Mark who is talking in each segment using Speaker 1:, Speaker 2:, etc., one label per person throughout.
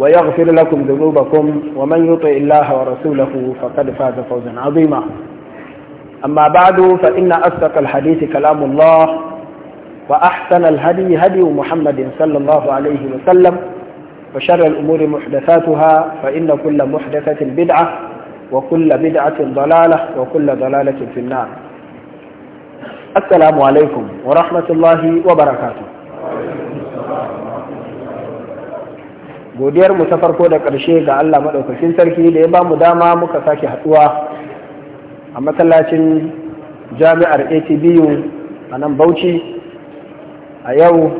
Speaker 1: ويغفر لكم ذنوبكم ومن يطع الله ورسوله فقد فاز فوزا عظيما أما بعد فإن أصدق الحديث كلام الله وأحسن الهدي هدي محمد صلى الله عليه وسلم وشر الأمور محدثاتها فإن كل محدثة بدعة وكل بدعة ضلالة وكل ضلالة في النار السلام عليكم ورحمة الله وبركاته godiyar mu ta farko da ƙarshe ga Allah maɗaukacin sarki da ya ba mu dama muka sake haɗuwa a masallacin jami'ar ATBU a nan Bauchi a yau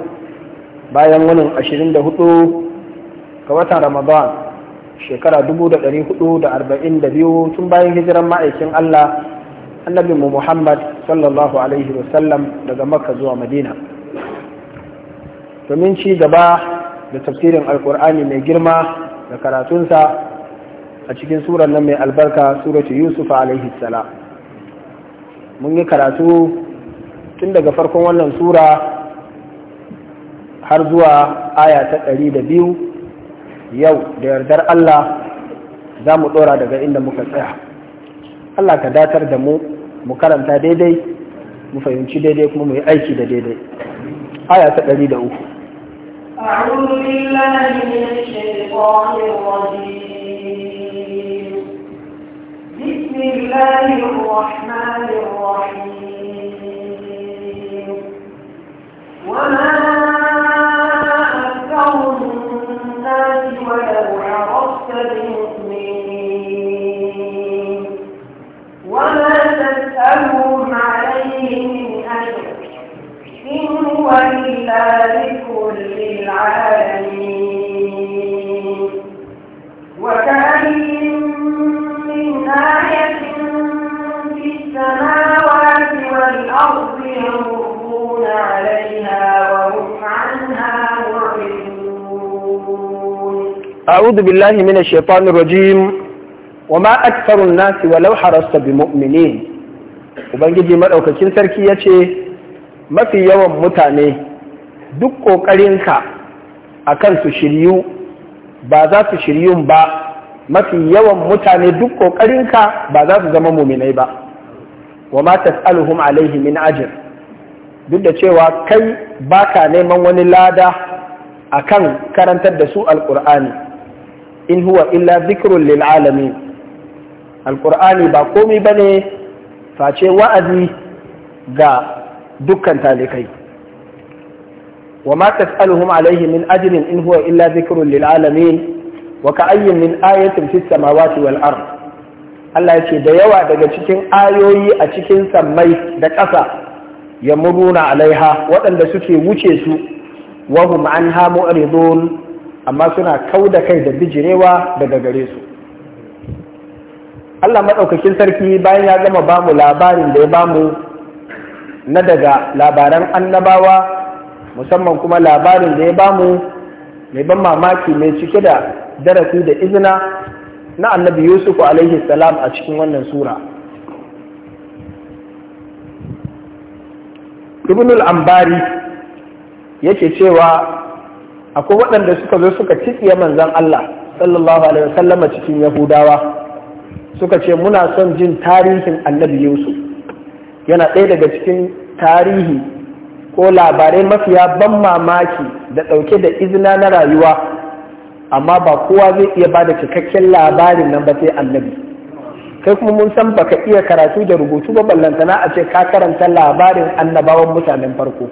Speaker 1: bayan wani 24 ga watan Ramadan shekara 442 tun bayan hijiran ma'aikin Allah annabi mu Muhammad sallallahu alaihi wasallam daga Makka zuwa Madina domin ci gaba da tafsirin alkur'ani mai girma da karatunsa a cikin surar nan mai albarka suratu yusuf alaihi Sala. mun yi karatu tun daga farkon wannan sura har zuwa aya ta ɗari da biyu yau da yardar allah za mu ɗora daga inda muka tsaya allah ka datar da mu mu karanta daidai mu fahimci daidai kuma mu yi aiki da daidai aya ta ɗari da uku
Speaker 2: أعوذ بالله من الشيطان الرجيم بسم الله الرحمن الرحيم وما أكثر الناس ولو عرفت بمؤمنين وما تسألهم عليه من أجر إن هو إلا ذكر العالمين من آية في السماوات والأرض عليها وهم عنها
Speaker 1: أعوذ بالله من الشيطان الرجيم وما أكثر الناس ولو حرصت بمؤمنين Ubangiji maɗaukacin sarki ya ما في يوم متاني duk ƙoƙarinka a kan su shiryu ba za su shiryun ba mafi yawan mutane duk ƙoƙarinka ba za su zama muminai ba wa ma tsaluhun alaihi min ajin duk da cewa kai baka neman wani lada akan karantar da su alƙur'ani in huwa illa zikrun alƙur'ani ba komi ba komai bane face wa'azi ga dukkan talikai Wa وما تسألهم عليه من أجر إن هو إلا ذكر للعالمين وكأي من آية في wal والأرض Allah ya ce da yawa daga cikin ayoyi a cikin sammai da ƙasa ya muruna alaiha waɗanda suke wuce su wahum an hamu arizon amma suna kau da kai da bijirewa daga gare su Allah maɗaukakin sarki bayan ya gama bamu labarin da ya bamu na daga labaran annabawa musamman kuma labarin da ya bamu mai ban mamaki mai cike da darasi da izina na annabi yusuf alaihi salam a cikin wannan sura ibnul ambari yake cewa akwai waɗanda suka zo suka cikiya manzan Allah sallallahu alaihi wasallama cikin yahudawa suka ce muna son jin tarihin annabi yusuf yana ɗaya daga cikin tarihi ko labarai mafiya ban mamaki da ɗauke da izina na rayuwa amma ba kowa zai iya ba da cikakken labarin nan ba sai annabi kai kuma mun san baka iya karatu da rubutu ba ballantana a ce ka karanta labarin annabawan mutanen farko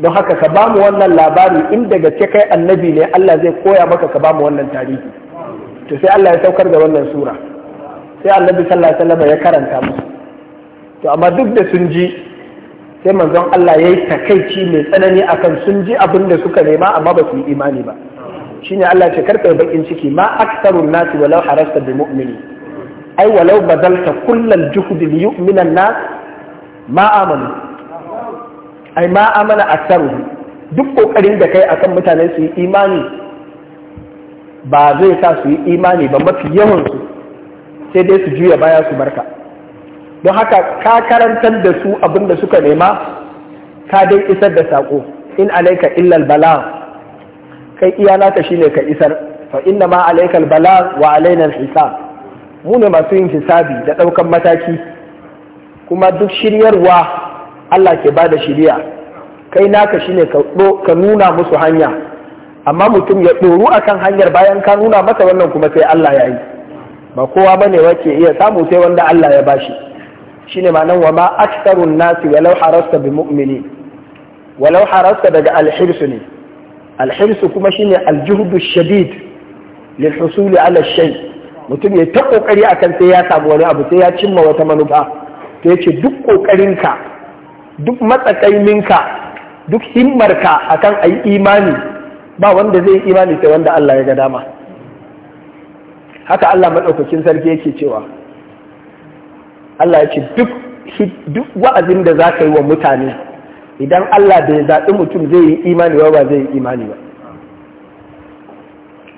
Speaker 1: don haka ka ba mu wannan labari in daga ce kai annabi ne Allah zai koya maka ka ba mu wannan tarihi to sai Allah ya saukar da wannan sura sai annabi sallallahu alaihi wasallam ya karanta musu to amma duk da sun ji sai manzon Allah ya yi takaici mai tsanani akan sun ji abin da suka nema amma ba su yi imani ba shine Allah ce karka bakin ciki ma aktharun nasi walau harasta bi mu'mini ai walau bazalta kullal juhd li yu'mina nas ma amanu ai ma amana duk kokarin da kai akan mutane su yi imani ba zai sa su yi imani ba mafi yawan su sai dai su juya baya su barka don haka ka karantar da su abin da suka nema ka dai isar da saƙo in alaika illal bala kai iya naka shine ka isar fa inna ma alaikal bala wa alainal hisab mu ne masu yin hisabi da ɗaukan mataki kuma duk shiryarwa Allah ke ba da shirya kai naka shine ka nuna musu hanya amma mutum ya ɗoru akan hanyar bayan ka nuna masa wannan kuma sai Allah ya yi ba kowa bane wace iya samu sai wanda Allah ya bashi shine ma'anan wa ma nasi walau harasta bi mu'mini walau harasta daga alhirsu ne alhirsu kuma shine aljihudu shadid lil husuli ala shay mutum ya ta kokari akan sai ya samu wani abu sai ya cimma wata manufa Ta yace duk kokarinka duk matsakaiminka duk himmarka akan ayi imani ba wanda zai yi imani sai wanda Allah ya ga dama haka Allah maɗaukacin sarki yake cewa Allah ya ce duk wa'azin da za ka yi wa mutane idan Allah bai zaɓi mutum zai yi imani ba zai yi imani ba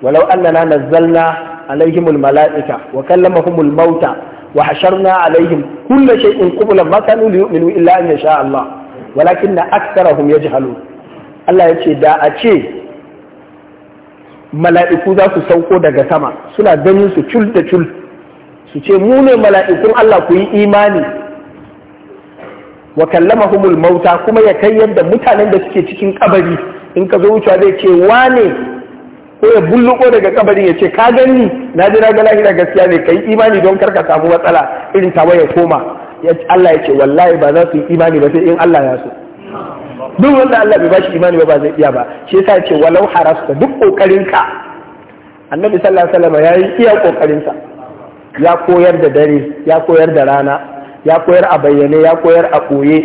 Speaker 1: walau na nazzalna alaihimul mala'ika wa kallamahumul mauta wa hasharna alaihim kullu shay'in qublan ma kanu liyu'minu illa an yasha Allah walakinna aktharahum yajhalun Allah ya ce da a ce mala'iku za su sauko daga sama suna ganin su cul da cul su ce mu ne mala'ikun Allah ku yi imani wa kallamahumul mauta kuma ya kai yadda mutanen da suke cikin kabari in ka zo wucewa zai ce wane ko ya bulluko daga kabarin ya ce ka gani na ji na ga lahira gaskiya ne ka yi imani don karka samu matsala irin tawa ya koma Allah ya ce wallahi ba za su yi imani ba sai in Allah ya so duk wanda Allah bai bashi imani ba ba zai iya ba shi yasa ya ce walau harasta duk ƙoƙarinka annabi sallallahu alaihi wasallam yi iya kokarinsa ya koyar da dare ya koyar da rana ya koyar a bayyane ya koyar a ɓoye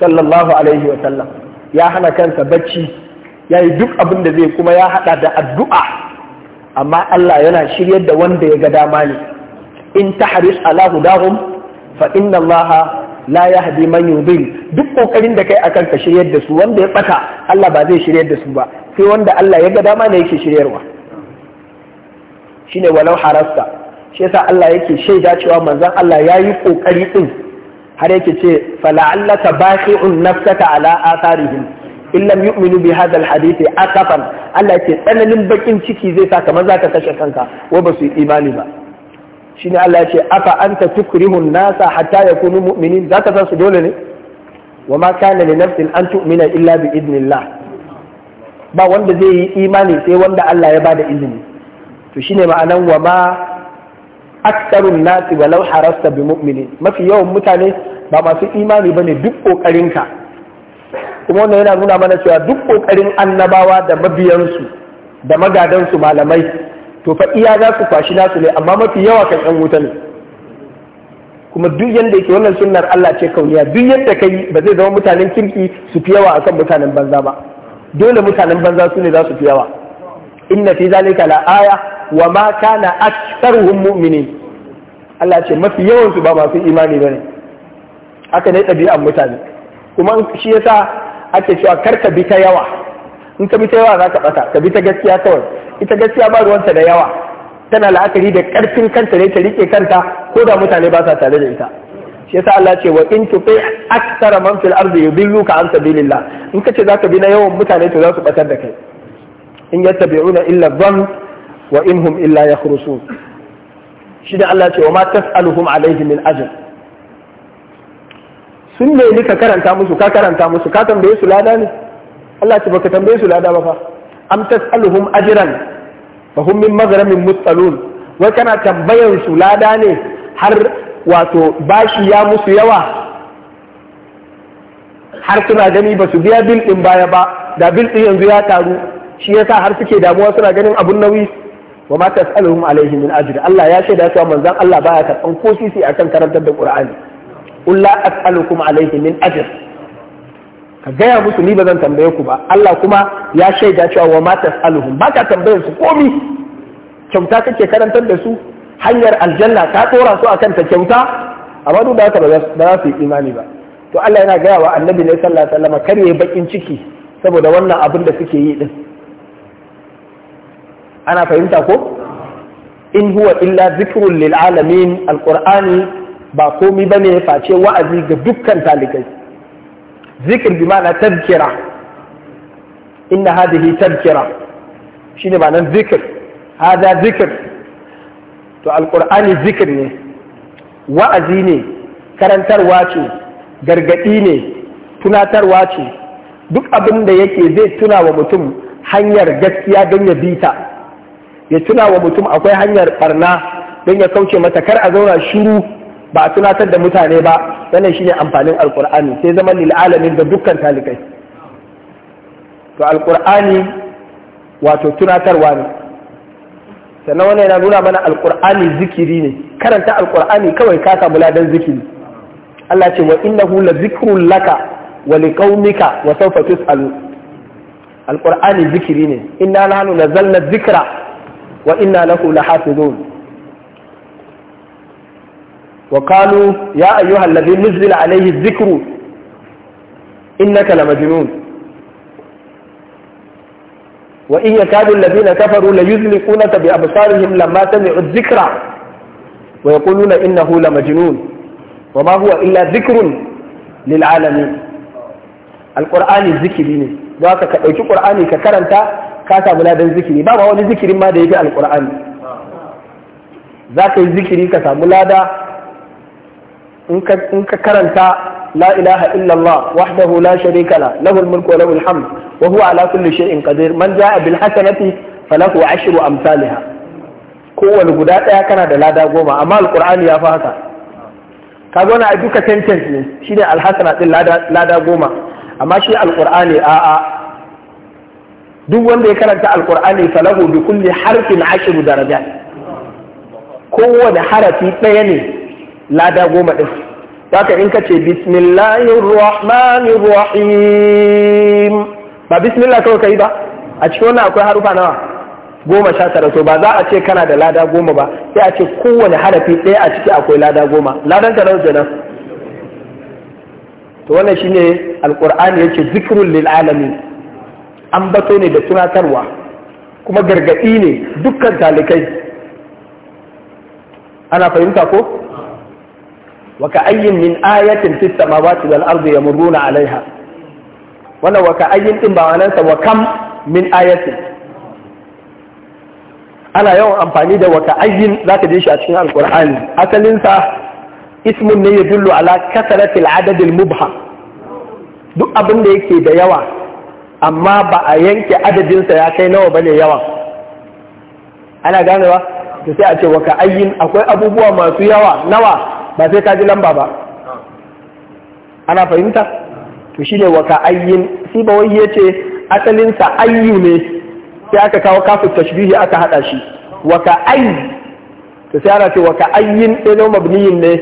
Speaker 1: sallallahu alaihi wa sallam ya hana kansa bacci ya yi duk abin da zai kuma ya hada da addu'a amma Allah yana shiryar da wanda ya ga dama ne in ta haris ala hudahum fa inna Allah la yahdi man yudil duk kokarin da kai akan ka shiryar da su wanda ya bata Allah ba zai shiryar da su ba sai wanda Allah ya ga dama ne yake shiryarwa shine walau harasta shi yasa Allah yake shaida cewa manzon Allah ya yi kokari din har yake ce fala'allaka baqi'un nafsaka ala atharihim in lam yu'minu bi hadha alhadith Allah yake tsananin bakin ciki zai sa kamar zaka kashe kanka wa ba su imani ba shine Allah yake afa anta tukrihu an-nasa hatta yakunu mu'minin zaka san su dole ne wa ma kana li nafsin an tu'mina illa bi idnillah ba wanda zai yi imani sai wanda Allah ya bada izini to shine ma'anan wa ma aktarun nasi walau harasta bi mumini mafi yawan mutane ba masu imani ba ne duk kokarinka kuma wannan yana nuna mana cewa duk kokarin annabawa da mabiyansu da magadansu malamai to fa iya za su kwashi nasu ne amma mafi yawa kan yan wuta ne kuma duk yanda yake wannan sunnar Allah ce kauniya duk yanda kai ba zai zama mutanen kirki su fi yawa akan mutanen banza ba dole mutanen banza su ne za su fi yawa inna fi zalika la aya wa ma kana aktsaruhum Allah ce mafi yawansu ba masu imani bane haka ne ɗabi'an mutane kuma shi yasa ake cewa kar ka bi ta yawa in ka bi ta yawa za ka ɓata ka bi ta gaskiya kawai ita gaskiya ba ruwanta da yawa tana la'akari da ƙarfin kanta ne ta rike kanta ko da mutane ba sa tare da ita shi yasa Allah ce wa in tuti aktsara man fil ardi yudilluka an sabilillah in kace ka bi na yawan mutane to za su batar da kai in yattabi'una illa dhann wa inhum illa yakhrusun shi da Allah ce wa ma tas'aluhum alaihi min ajr sun ni ka karanta musu ka karanta musu ka tambaye su lada ne Allah ce baka tambaye su lada ba fa am tas'aluhum ajran fa hum min maghramin muttalun wai kana tambayar su lada ne har wato bashi ya musu yawa har suna gani ba su biya bil din baya ba da bil din yanzu ya taru shi yasa har suke damuwa suna ganin abun nauyi wa ma tas'aluhum alaihi min ajri Allah ya shaida cewa manzon Allah baya karban ko sisi akan karantar da Qur'ani qul la as'alukum alaihi min ajr ka gaya musu ni bazan zan tambaye ku ba Allah kuma ya shaida cewa wa ma tas'aluhum ba ka tambayar su komi kyauta kake karantar da su hanyar aljanna ka tsora su akan ta kyauta amma duk da haka ba za su yi imani ba to Allah yana gaya wa annabi ne sallallahu alaihi wasallam kar yayi bakin ciki saboda wannan abin da suke yi din ana fahimta ko in huwa illa zikrun lil alamin alqur'ani ba komi bane face wa'azi ga dukkan talikai zikr bi ma'ana tadhkira inna hadhihi tadhkira shine nan zikr hada zikr to alqur'ani zikr ne wa'azi ne karantarwa ce gargadi ne tunatarwa ce duk abin da yake zai tuna wa mutum hanyar gaskiya don ya bita ya tuna wa mutum akwai hanyar barna don ya kauce mata kar a zauna shiru ba a tunatar da mutane ba wannan shine amfanin alkur'ani sai zaman lil da dukkan talikai to alkur'ani wato tunatarwa ne sannan wannan yana nuna mana alkur'ani zikiri ne karanta alkur'ani kawai ka samu ladan zikiri Allah ce wa innahu la zikrun laka wa liqaumika wa sawfa tus'alu alkur'ani zikiri ne inna nahnu nazzalna dhikra وإنا له لحافظون وقالوا يا أيها الذي نزل عليه الذكر إنك لمجنون وإن يكاد الذين كفروا ليزلقونك بأبصارهم لما سمعوا الذكر ويقولون إنه لمجنون وما هو إلا ذكر للعالمين القرآن الذكر ذاك كأيت القرآن ككرنت ka samu ladan zikiri ba ba wani zikirin ma da fi alkur'ani za ka yi zikiri ka samu lada in ka karanta la ilaha illallah wahdahu la sharika la lahul mulku wa lahul hamd wa huwa ala kulli shay'in qadir man jaa bil hasanati falahu ashru amsalha kowane guda daya kana da lada goma amma alkur'ani ya fi haka kaga wani a duka sentence ne shine alhasana din lada goma amma shi alkur'ani a'a duk wanda ya karanta alkur'ani falahu bi kulli harfin ashru darajat kowane harafi ɗaya ne lada goma ɗin haka in ka ce bismillahir rahmanir rahim ba bismillah kawai kai ba a cikin wannan akwai harufa nawa goma sha tara to ba za a ce kana da lada goma ba sai a ce kowane harafi ɗaya a ciki akwai lada goma ladan ka nawa to wannan shine alqur'ani yake zikrul lil alamin An bato ne da tunatarwa kuma gargaɗi ne dukkan talikai ana fahimta ko waka ayyin min ayatin fi samawati wal ardi yamurruna alaiha wannan waka ayyin din ba wannan sa wa kam min ayatin ana yawan amfani da waka ayyin zaka je shi a cikin alqur'ani asalin sa ismun ne yadullu ala kasratil adadil al mubham duk abin da yake da yawa amma ba a yanke adadinsa ya kai nawa bane yawa. ana ganewa to sai a ce waka ayyin akwai abubuwa masu yawa nawa ba sai ka ji lamba ba ana fahimta to shine waka ayyin si ba wai yace asalinsa ayyu ne sai aka kawo kafu tashbihi aka hada shi waka ayy to sai ana ce waka ayyin dano mabniyin ne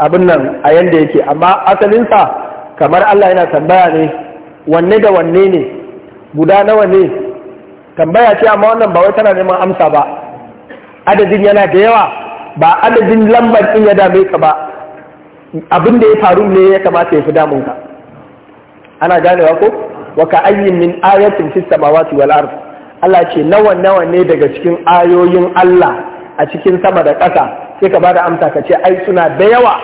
Speaker 1: abin nan a yanda yake amma asalinsa kamar Allah yana tambaya ne wanne da wanne ne guda nawa ne tambaya ce amma wannan ba wai tana neman amsa ba adadin yana da yawa ba adadin lambar ɗin ya dame ka ba abin da ya faru ne ya kamata ya fi damun ka ana ganewa ko wa ka ayyin min ayatin fis samawati wal ard Allah ce nawa nawa ne daga cikin ayoyin Allah a cikin sama da ƙasa sai ka ba da amsa ka ce ai suna da yawa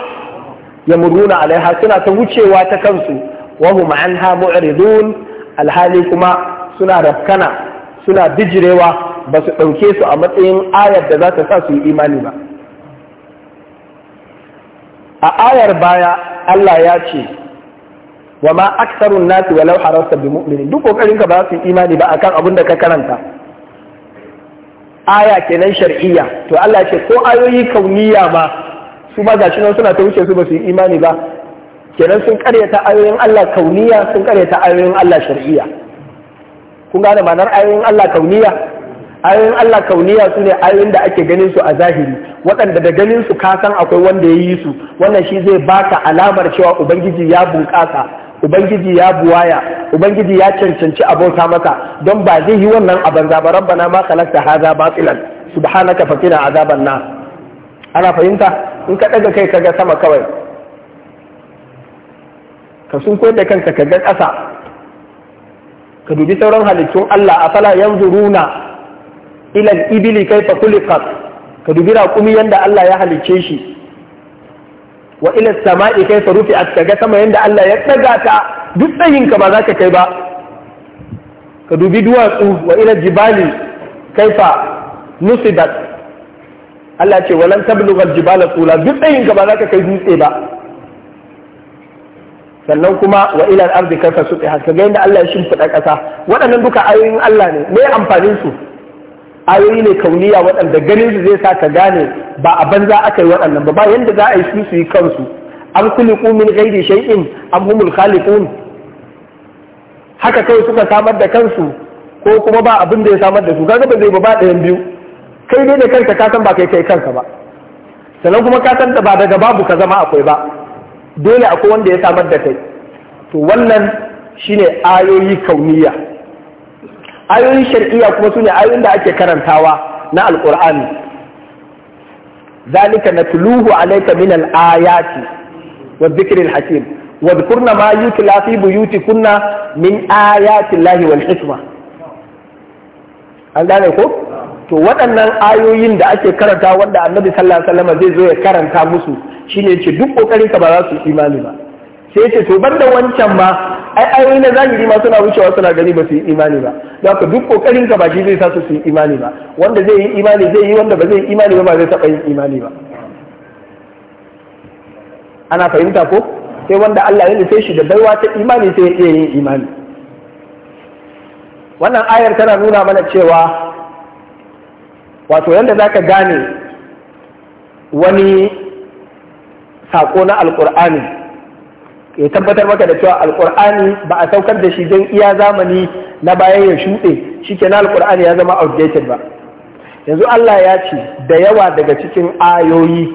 Speaker 1: ya muruna alaiha suna ta wucewa ta kansu wa hum anha mu'ridun alhali kuma suna rafkana suna bijirewa ba su ɗauke su a matsayin ayar da za ta sa su yi imani ba a ayar baya Allah ya ce wa ma aksarun nasi walau harasta bi mu'minin duk kokarin ka ba su yi imani ba akan abun da ka karanta aya kenan shar'iyya to Allah ya ce ko ayoyi kauniya ma su ma gashi nan suna ta wuce su ba su yi imani ba kenan sun karyata ayoyin Allah kauniya sun karyata ayoyin Allah shar'iyya kun gane ma'anar ayoyin Allah kauniya ayoyin Allah kauniya su ne ayoyin da ake ganin su a zahiri waɗanda da ganin su ka san akwai wanda ya yi su wannan shi zai baka alamar cewa ubangiji ya bunƙasa ubangiji ya buwaya ubangiji ya cancanci abota masa don ba zai yi wannan a banza ba rabbana ma khalaqta hadha batilan subhanaka faqina azaban nar ana fahimta in ka daga kai kaga sama kawai ka sun koyar da kanka ka ga ƙasa ka dubi sauran halittun Allah a fala yanzuruna ila ibili kaifa khuliqat ka dubi raƙumi yadda Allah ya halicce shi wa ila sama'i kaifa rufi'at ka ga sama yadda Allah ya tsaga ta duk tsayinka ba za ka kai ba ka dubi duwatsu wa ila jibali kaifa nusidat Allah ce walan tablugha al-jibala tula duk tsayinka ba za ka kai dutse ba sannan kuma wa ilal ardi kaifa su kaga inda Allah ya shimfiɗa kasa waɗannan duka ayoyin Allah ne me amfanin su ayoyi ne kauniya waɗanda ganin su zai sa ka gane ba a banza aka yi waɗannan ba ba yanda za a yi su su yi kansu an kuliku min ghairi shay'in am humul khaliqun haka kai suka samar da kansu ko kuma ba abin da ya samar da su kaga ba zai ba ɗayan biyu kai ne da kanka ka san ba kai kai kanka ba sannan kuma ka san da ba daga babu ka zama akwai ba dole akwai wanda ya samar da kai to wannan shine ayoyi kauniya ayoyin shar'iyya kuma sune ayoyin da ake karantawa na alqur'ani zalika natluhu alayka min al-ayati wa dhikril hakim wa dhkurna ma yutla fi buyutikunna min ayati lahi wal hikma an gane ko to waɗannan ayoyin da ake karanta wanda annabi sallallahu alaihi zai zo ya karanta musu ne ce duk kokarin ka ba za su imani ba sai yace to ban da wancan ba ai ayoyi na zahiri ma suna wucewa suna gani ba su yi imani ba za ka duk kokarin ka ba shi zai sa su yi imani ba wanda zai yi imani zai yi wanda ba zai yi imani ba ba zai taba yin imani ba ana fahimta ko sai wanda Allah ya nufe shi da baiwa ta imani sai ya iya yin imani wannan ayar tana nuna mana cewa wato yadda za ka gane wani sako na Alƙur'ani ya tabbatar maka da cewa Alƙur'ani ba a saukar da shi don iya zamani na bayan ya shuɗe shi ke na Alƙur'ani ya zama outdated ba yanzu Allah ya ce da yawa daga cikin ayoyi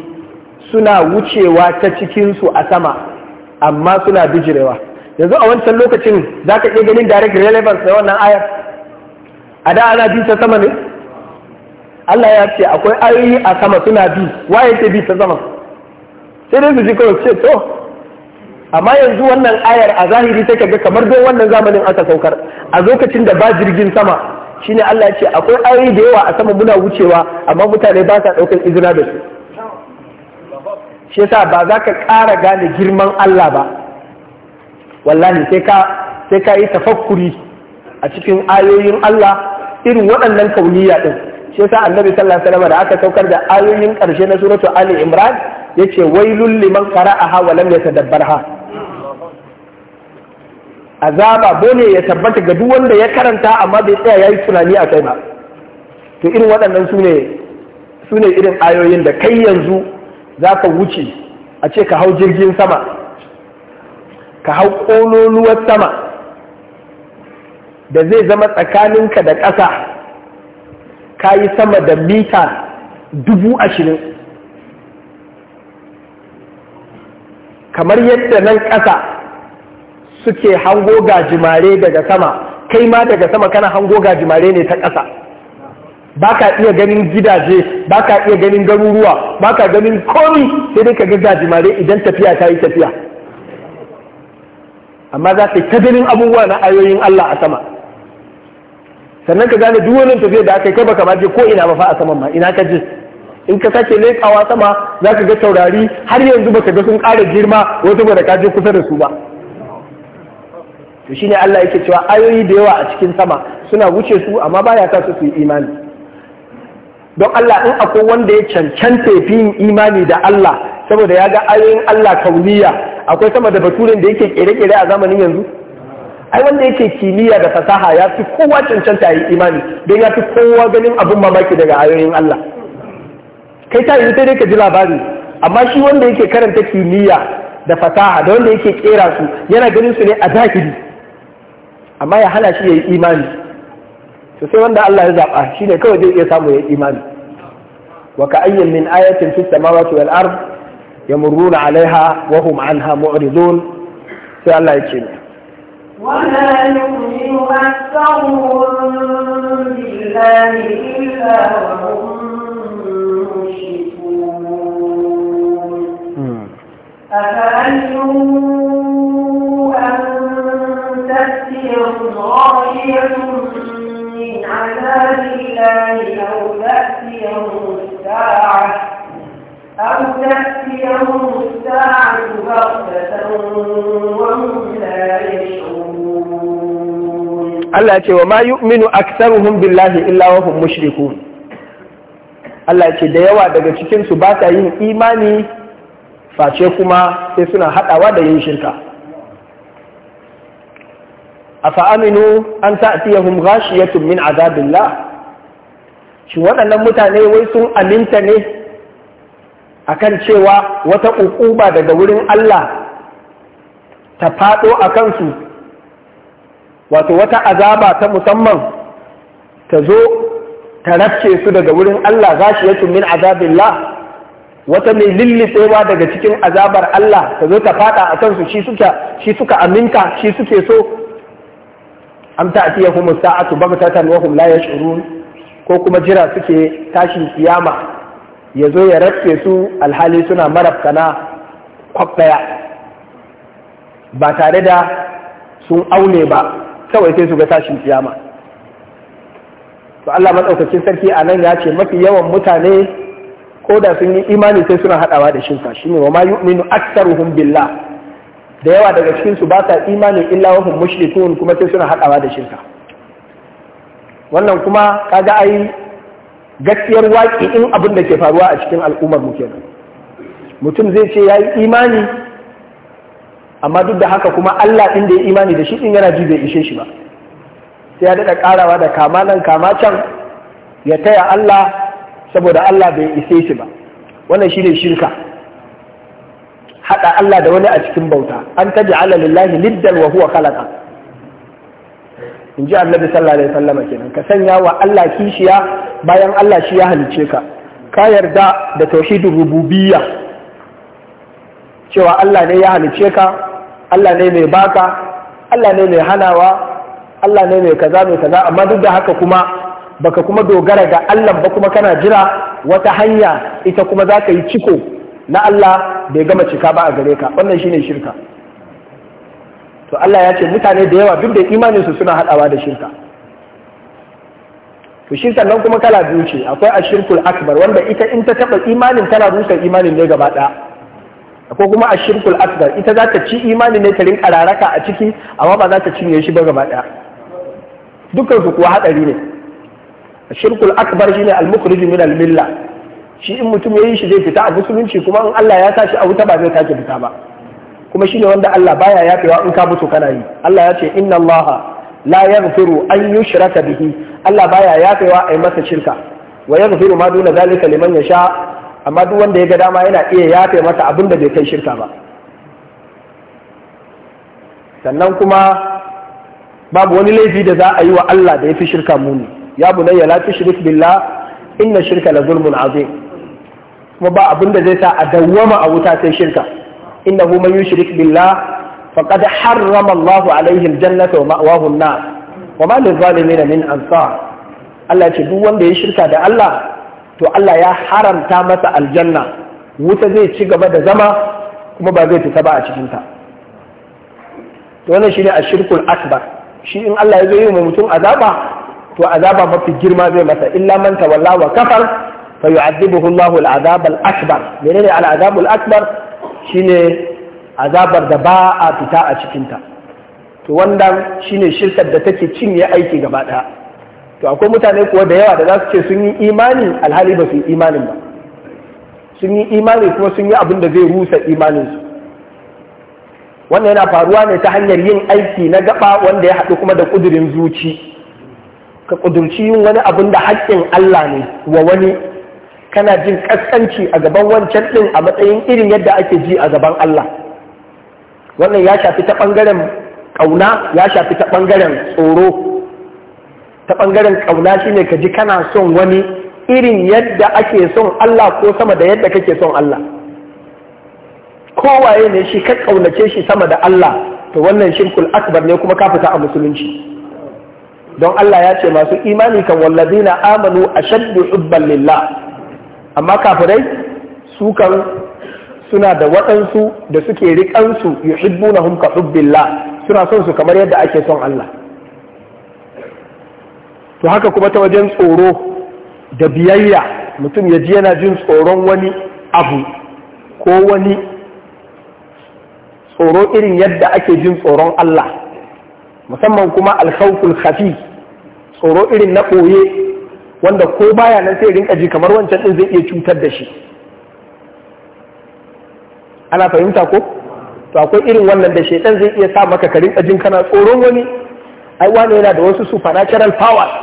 Speaker 1: suna wucewa ta cikinsu a sama amma suna bijirewa yanzu a wancan lokacin za ka iya ganin direct relevance da wannan ayar a da ana bi ta sama ne Allah ya ce akwai ayoyi a sama suna bi waye ta bi ta sama sai dai su ji kawai ce to amma yanzu wannan ayar a zahiri take ga kamar don wannan zamanin aka saukar a lokacin da ba jirgin sama shine Allah ya ce akwai ayoyi da yawa a sama muna wucewa amma mutane ba sa daukar izina da su shi yasa ba za ka ƙara gane girman Allah ba wallahi sai ka sai ka yi tafakkuri a cikin ayoyin Allah irin waɗannan kauniya din shi yasa annabi sallallahu alaihi wasallam da aka saukar da ayoyin karshe na suratu ali imran yace wailul liman qara'aha wa lam yatadabbarha azaba bone ya tabbata ga duk wanda ya karanta amma bai tsaya yayi tunani a kai ba to irin waɗannan sune sune irin ayoyin da kai yanzu zaka wuce a ce ka hau jirgin sama ka hau ƙololuwar sama da zai zama tsakaninka da ƙasa ka yi sama da mita dubu ashirin kamar yadda nan ƙasa suke hango gajimare daga sama kai ma daga sama kana hango gajimare ne ta ƙasa ba ka iya ganin gidaje ba ka iya ganin garuruwa ba ka ganin komi sai dai ka ga gajimare idan tafiya ta yi tafiya amma za ka yi ta ganin abubuwa na ayoyin Allah a sama sannan ka gane duk wani tafiyar da aka yi kai baka je ko ina ba fa a saman ma ina ka je in ka sake lekawa sama za ka ga taurari har yanzu baka ga sun ƙara girma wai ba da ka je kusa da su ba to shine Allah yake cewa ayoyi da yawa a cikin sama suna wuce su amma baya sa su su yi imani don Allah in akwai wanda ya cancanta yin imani da Allah saboda ya ga ayoyin Allah kauniya akwai sama da baturen da yake kere-kere a zamanin yanzu ai wanda yake kimiyya da fasaha ya fi kowa cancanta yi imani don ya fi kowa ganin abin mamaki daga ayoyin Allah kai ta yi sai dai ka ji labari amma shi wanda yake karanta kimiyya da fasaha da wanda yake kera su yana ganin su ne a zahiri amma ya hana shi ya yi imani to sai wanda Allah ya zaɓa shi ne kawai zai iya samu ya yi imani waka ka ayyin min ayatin fis samawati wal ard yamurruna alaiha wa hum anha mu'ridun sai Allah ya ce
Speaker 2: وما يؤمن أكثرهم بالله إلا وهم مشركون أفأمنوا أن تأتيهم غاشية من عذاب الله أو تأتيهم الساعة أو تأتيهم الساعة بغتة
Speaker 1: Allah ya ce wa ma yu'minu aktharuhum billahi illa wa hum mushrikun Allah ya ce da yawa daga cikin su ba ta yin imani face kuma sai suna hadawa da yin shirka afa aminu an ta'tiyahum ghashiyatun min adabillah shi waɗannan mutane wai sun aminta ne akan cewa wata ukuba daga wurin Allah ta faɗo a kansu wato wata azaba ta musamman ta zo ta rafce su daga wurin Allah za shi yake min azabillah wata mai lillisewa daga cikin azabar Allah ta zo ta fada a kansu shi suka shi suka aminta shi suke so am ta'tiyahum sa'atu baghtatan wa hum la yash'urun ko kuma jira suke tashin kiyama ya zo ya rafce su alhali suna marafkana kwab ba tare da sun aune ba kawai sai su ga tashin kiyama to Allah madaukakin sarki a nan ya ce mafi yawan mutane ko da sun yi imani sai suna hadawa da shirka shine wa ma yu'minu aktsaruhum billah da yawa daga cikin su ba sa imani illa wa hum mushrikun kuma sai suna hadawa da shirka wannan kuma ka kaga ai gaskiyar waki in abin da ke faruwa a cikin al'ummar mu kenan mutum zai ce yayi imani amma duk da haka kuma Allah in da ya imani da shi din yana ji bai ishe shi ba sai ya daɗa ƙarawa da kama nan kama can ya taya Allah saboda Allah bai ise shi ba wannan shi ne shirka haɗa Allah da wani a cikin bauta an taji ala lillahi liddan wa huwa khalaqa in ji annabi sallallahu alaihi wasallam kenan ka sanya wa Allah kishiya bayan Allah shi ya halice ka ka yarda da tauhidin rububiyya cewa Allah ne ya halice ka Allah ne mai baka Allah ne mai hanawa Allah ne mai kaza mai kaza amma duk da haka kuma baka kuma dogara ga Allah ba kuma kana jira wata hanya ita kuma za ka yi ciko na Allah bai gama cika ba a gare ka wannan shine shirka to Allah ya ce mutane da yawa duk da imaninsu suna haɗawa da shirka to shirka nan kuma kala biyu ce akwai ashirkul akbar wanda ita in ta taba imanin tana rusa imanin ne gaba ɗaya ko kuma a shirkul akbar ita za ta ci imani ne ta rinka raraka a ciki amma ba za ta cinye shi ba gaba ɗaya dukkan su kuwa haɗari ne shirkul akbar shine al-mukhrij min al-milla shi in mutum yayi shi zai fita a musulunci kuma in Allah ya sa shi a wuta ba zai take fita ba kuma shine wanda Allah baya yafewa in ka mutu kana yi Allah ya ce inna Allah la yaghfiru an yushraka bihi Allah baya yafewa ai masa shirka wa yaghfiru ma duna zalika liman yasha amma duk wanda ya ga dama yana iya yafe masa abin da bai kai shirka ba sannan kuma babu wani laifi da za a yi wa Allah da ya fi shirka muni ya bunayya la tushrik billah inna shirka la zulmun azim kuma ba abin da zai sa a dawwama a wuta sai shirka innahu man yushrik billah faqad harrama Allahu alaihi aljannata wa ma'wahu an-nar wa ma lil zalimin min ansar Allah ce duk wanda ya shirka da Allah to Allah ya haramta masa aljanna wuta zai ci gaba da zama kuma ba zai fita ba a cikinta to wannan shine ashirkul akbar shi in Allah ya zo yi wa mutum azaba to azaba mafi girma zai masa illa man tawalla wa kafar fa yu'adhibuhu Allahu al-azab al-akbar menene al-azab al-akbar shine azabar da ba a fita a cikinta to wannan shine shirkar da take cinye aiki gaba daya to akwai mutane kuwa da yawa da za su ce sun yi imani alhali ba su yi imanin ba sun yi imani kuma sun yi abin da zai rusa imaninsu wannan yana faruwa ne ta hanyar yin aiki na gaba wanda ya haɗu kuma da ƙudurin zuci ka ƙudurci yin wani abin da haƙƙin Allah ne wa wani kana jin ƙasƙanci a gaban wancan ɗin a matsayin irin yadda ake ji a gaban Allah wannan ya shafi ta ɓangaren ƙauna ya shafi ta ɓangaren tsoro ta ɓangaren ƙauna shi ne ka ji kana son wani irin yadda ake son Allah ko sama da yadda kake son Allah kowaye ne shi ka ƙaunace shi sama da Allah to wannan shirkul akbar ne kuma ka fita a musulunci don Allah ya ce masu imani kan na amanu ashaddu hubban lillah amma kafirai su kan suna da waɗansu da suke riƙansu yuhibbunahum ka hubbillah suna son su kamar yadda ake son Allah to haka kuma ta wajen tsoro da biyayya mutum ya ji yana jin tsoron wani abu ko wani tsoro irin yadda ake jin tsoron Allah musamman kuma alkhawful khafi tsoro irin na ɓoye wanda ko baya nan sai rinka ji kamar wancan ɗin zai iya cutar da shi ana fahimta ko to akwai irin wannan da shedan zai iya sa maka ka rinka jin kana tsoron wani ai wani yana da wasu supernatural powers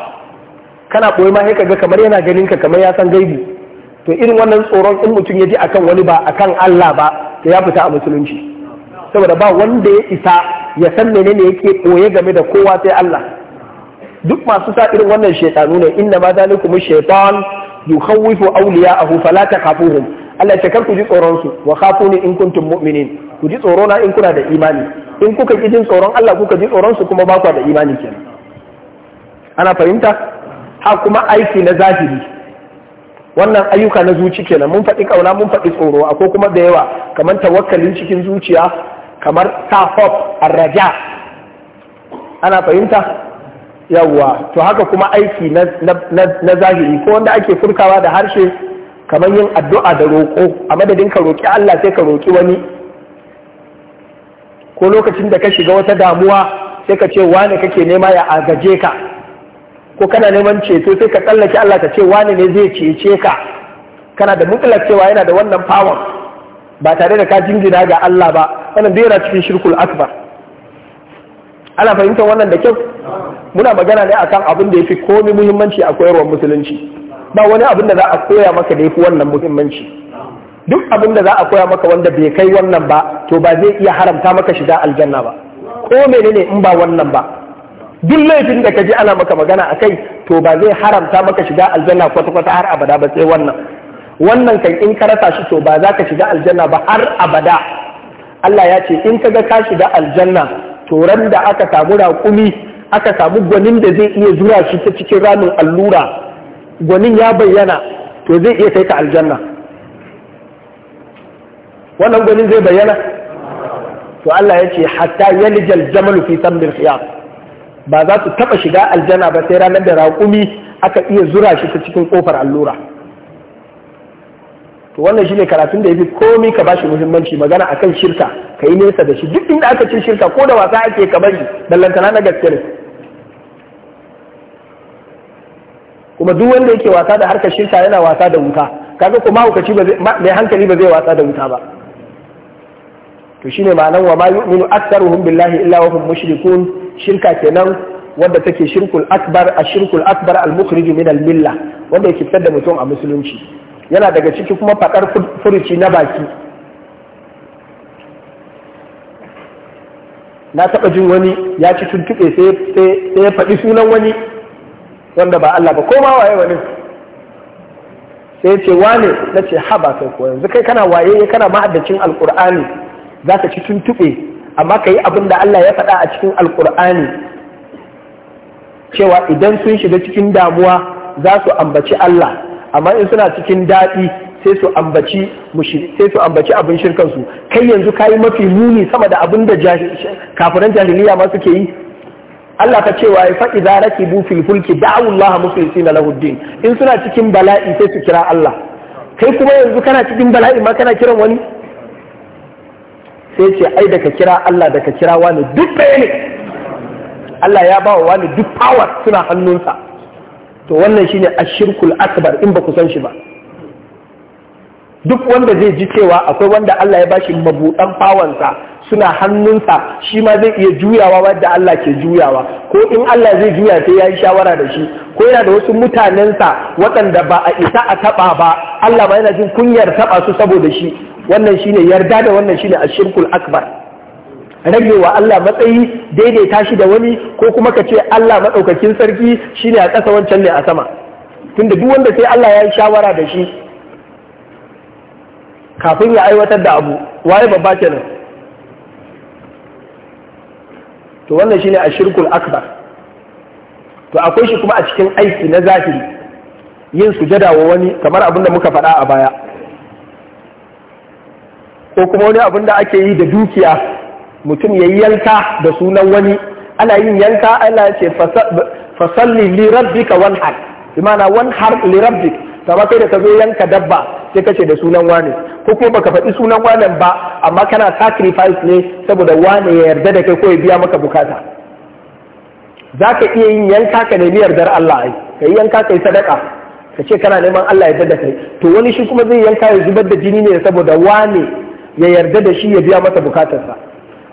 Speaker 1: kana boye ma sai kamar yana ganin ka kamar ya san gaibi to irin wannan tsoron in mutum ya ji akan wani ba akan Allah ba to ya fita a musulunci saboda ba wanda ya isa ya san menene yake boye game da kowa sai Allah duk masu sa irin wannan shaytanu ne inna ma zalikum shaytan yukhawwifu awliya'ahu fala takhafuhum Allah ya kar ku ji tsoron su wa khafuni in kuntum mu'minin ku ji tsoro na in kuna da imani in kuka ki tsoron Allah kuka ji tsoron su kuma ba ku da imani kenan ana fahimta ha kuma aiki na zahiri wannan ayyuka na zuci kenan mun faɗi ƙauna mun faɗi tsoro ko kuma da yawa kamar tawakkalin cikin zuciya kamar ta sahop arraja ana fahimta yawwa to haka kuma aiki na zahiri ko wanda ake furkawa da harshe kamar yin addu'a da roƙo a madadin ka roƙi Allah sai ka roƙi wani ko lokacin da ka shiga wata damuwa sai ka ce wane kake nema ya agaje ka ko kana neman ceto sai ka tsallake Allah ka ce wani ne zai cece ka kana da mutlak cewa yana da wannan fawon ba tare da ka jingina ga Allah ba wannan duk yana cikin shirkul akbar ana fahimtar wannan da kyau muna magana ne akan abin da yafi komai muhimmanci a koyarwar musulunci ba wani abin da za a koya maka da yafi wannan muhimmanci duk abin da za a koya maka wanda bai kai wannan ba to ba zai iya haramta maka shiga aljanna ba ko menene in ba wannan ba duk laifin da ka ji ana maka magana a kai to ba zai haramta maka shiga aljanna kwata-kwata har abada ba sai wannan wannan kan in ka rasa shi to ba za ka shiga aljanna ba har abada Allah ya ce in ka ga ka shiga aljanna to ran da aka samu raƙumi aka samu gwanin da zai iya zura shi ta cikin ramin allura gwanin ya bayyana to zai iya kai ka aljanna wannan gwanin zai bayyana to Allah ya ce hatta yalijal jamalu fi sambil khiyam ba za su taba shiga aljana ba sai ranar da raƙumi aka iya zura shi ta cikin kofar allura to wannan shine karatun da yafi komai ka bashi muhimmanci magana akan shirka ka yi nesa da shi duk inda aka ce shirka ko da wasa ake ka bari dallantana na gaske ne kuma duk wanda yake wasa da harkar shirka yana wasa da wuta kaga kuma hukaci ba mai hankali ba zai wasa da wuta ba to shine ma'anan wa ma yu'minu aktsaruhum billahi illa wa hum mushrikun shirka kenan wadda take shirkul akbar a shirkul akbar al-mukhrij min al-milla wanda yake fitar da mutum a musulunci yana daga ciki kuma fadar furuci na baki na taɓa jin wani ya ci tuntuɓe sai ya faɗi sunan wani wanda ba Allah ba ko ma waye wani sai ce wane na ce ha ba sai ko yanzu kai kana waye kana ma'addacin alkur'ani za ka ci tuntuɓe amma ka yi abin da Allah ya faɗa a cikin alkur'ani cewa idan sun shiga cikin damuwa za su ambaci Allah amma in suna cikin daɗi sai su ambaci abin shirkansu kai yanzu kayi mafi muni sama da abin da kafiran jahiliya ma suke yi Allah ka cewa ya faɗi za raki fil fulki da'u Allah mukhlisina lahu din in suna cikin bala'i sai su kira Allah kai kuma yanzu kana cikin bala'i ma kana kiran wani sai ce ai da ka kira Allah da kira wani duk ɗaya ne Allah ya ba wa wani duk power suna hannunsa to wannan shine ashirkul akbar in ba ku san shi ba duk wanda zai ji cewa akwai wanda Allah ya bashi mabudan fawansa suna hannunsa shi ma zai iya juyawa wadda Allah ke juyawa ko in Allah zai juya sai ya yi shawara da shi ko yana da wasu mutanensa waɗanda ba a isa a taɓa ba Allah ba yana jin kunyar taɓa su saboda shi wannan shine yarda da wannan shine ashirkul akbar rage wa Allah matsayi daidaita shi da wani ko kuma ka ce Allah madaukakin sarki shine a ƙasa wancan ne a sama tunda duk wanda sai Allah ya yi shawara da shi kafin ya aiwatar da abu waye babba kenan to wannan shine ashirkul akbar to akwai shi kuma a cikin aiki na zahiri yin sujada wa wani kamar abin da muka faɗa a baya ko kuma wani abin da ake yi da dukiya mutum ya yi yanka da sunan wani ana yin yanka ana ce fasalli li rabbika wanhar imana har li rabbik kama kai da ka zo yanka dabba sai kace da sunan wani. ko kuma baka faɗi sunan wanen ba amma kana sacrifice ne saboda wani ya yarda da kai ko ya biya maka bukata za ka iya yin yanka ka nemi yardar Allah ai ka yi yanka ka yi sadaka ka ce kana neman Allah ya yarda da kai to wani shi kuma zai yanka ya zubar da jini ne saboda wani. ya yarda da shi ya biya masa bukatarsa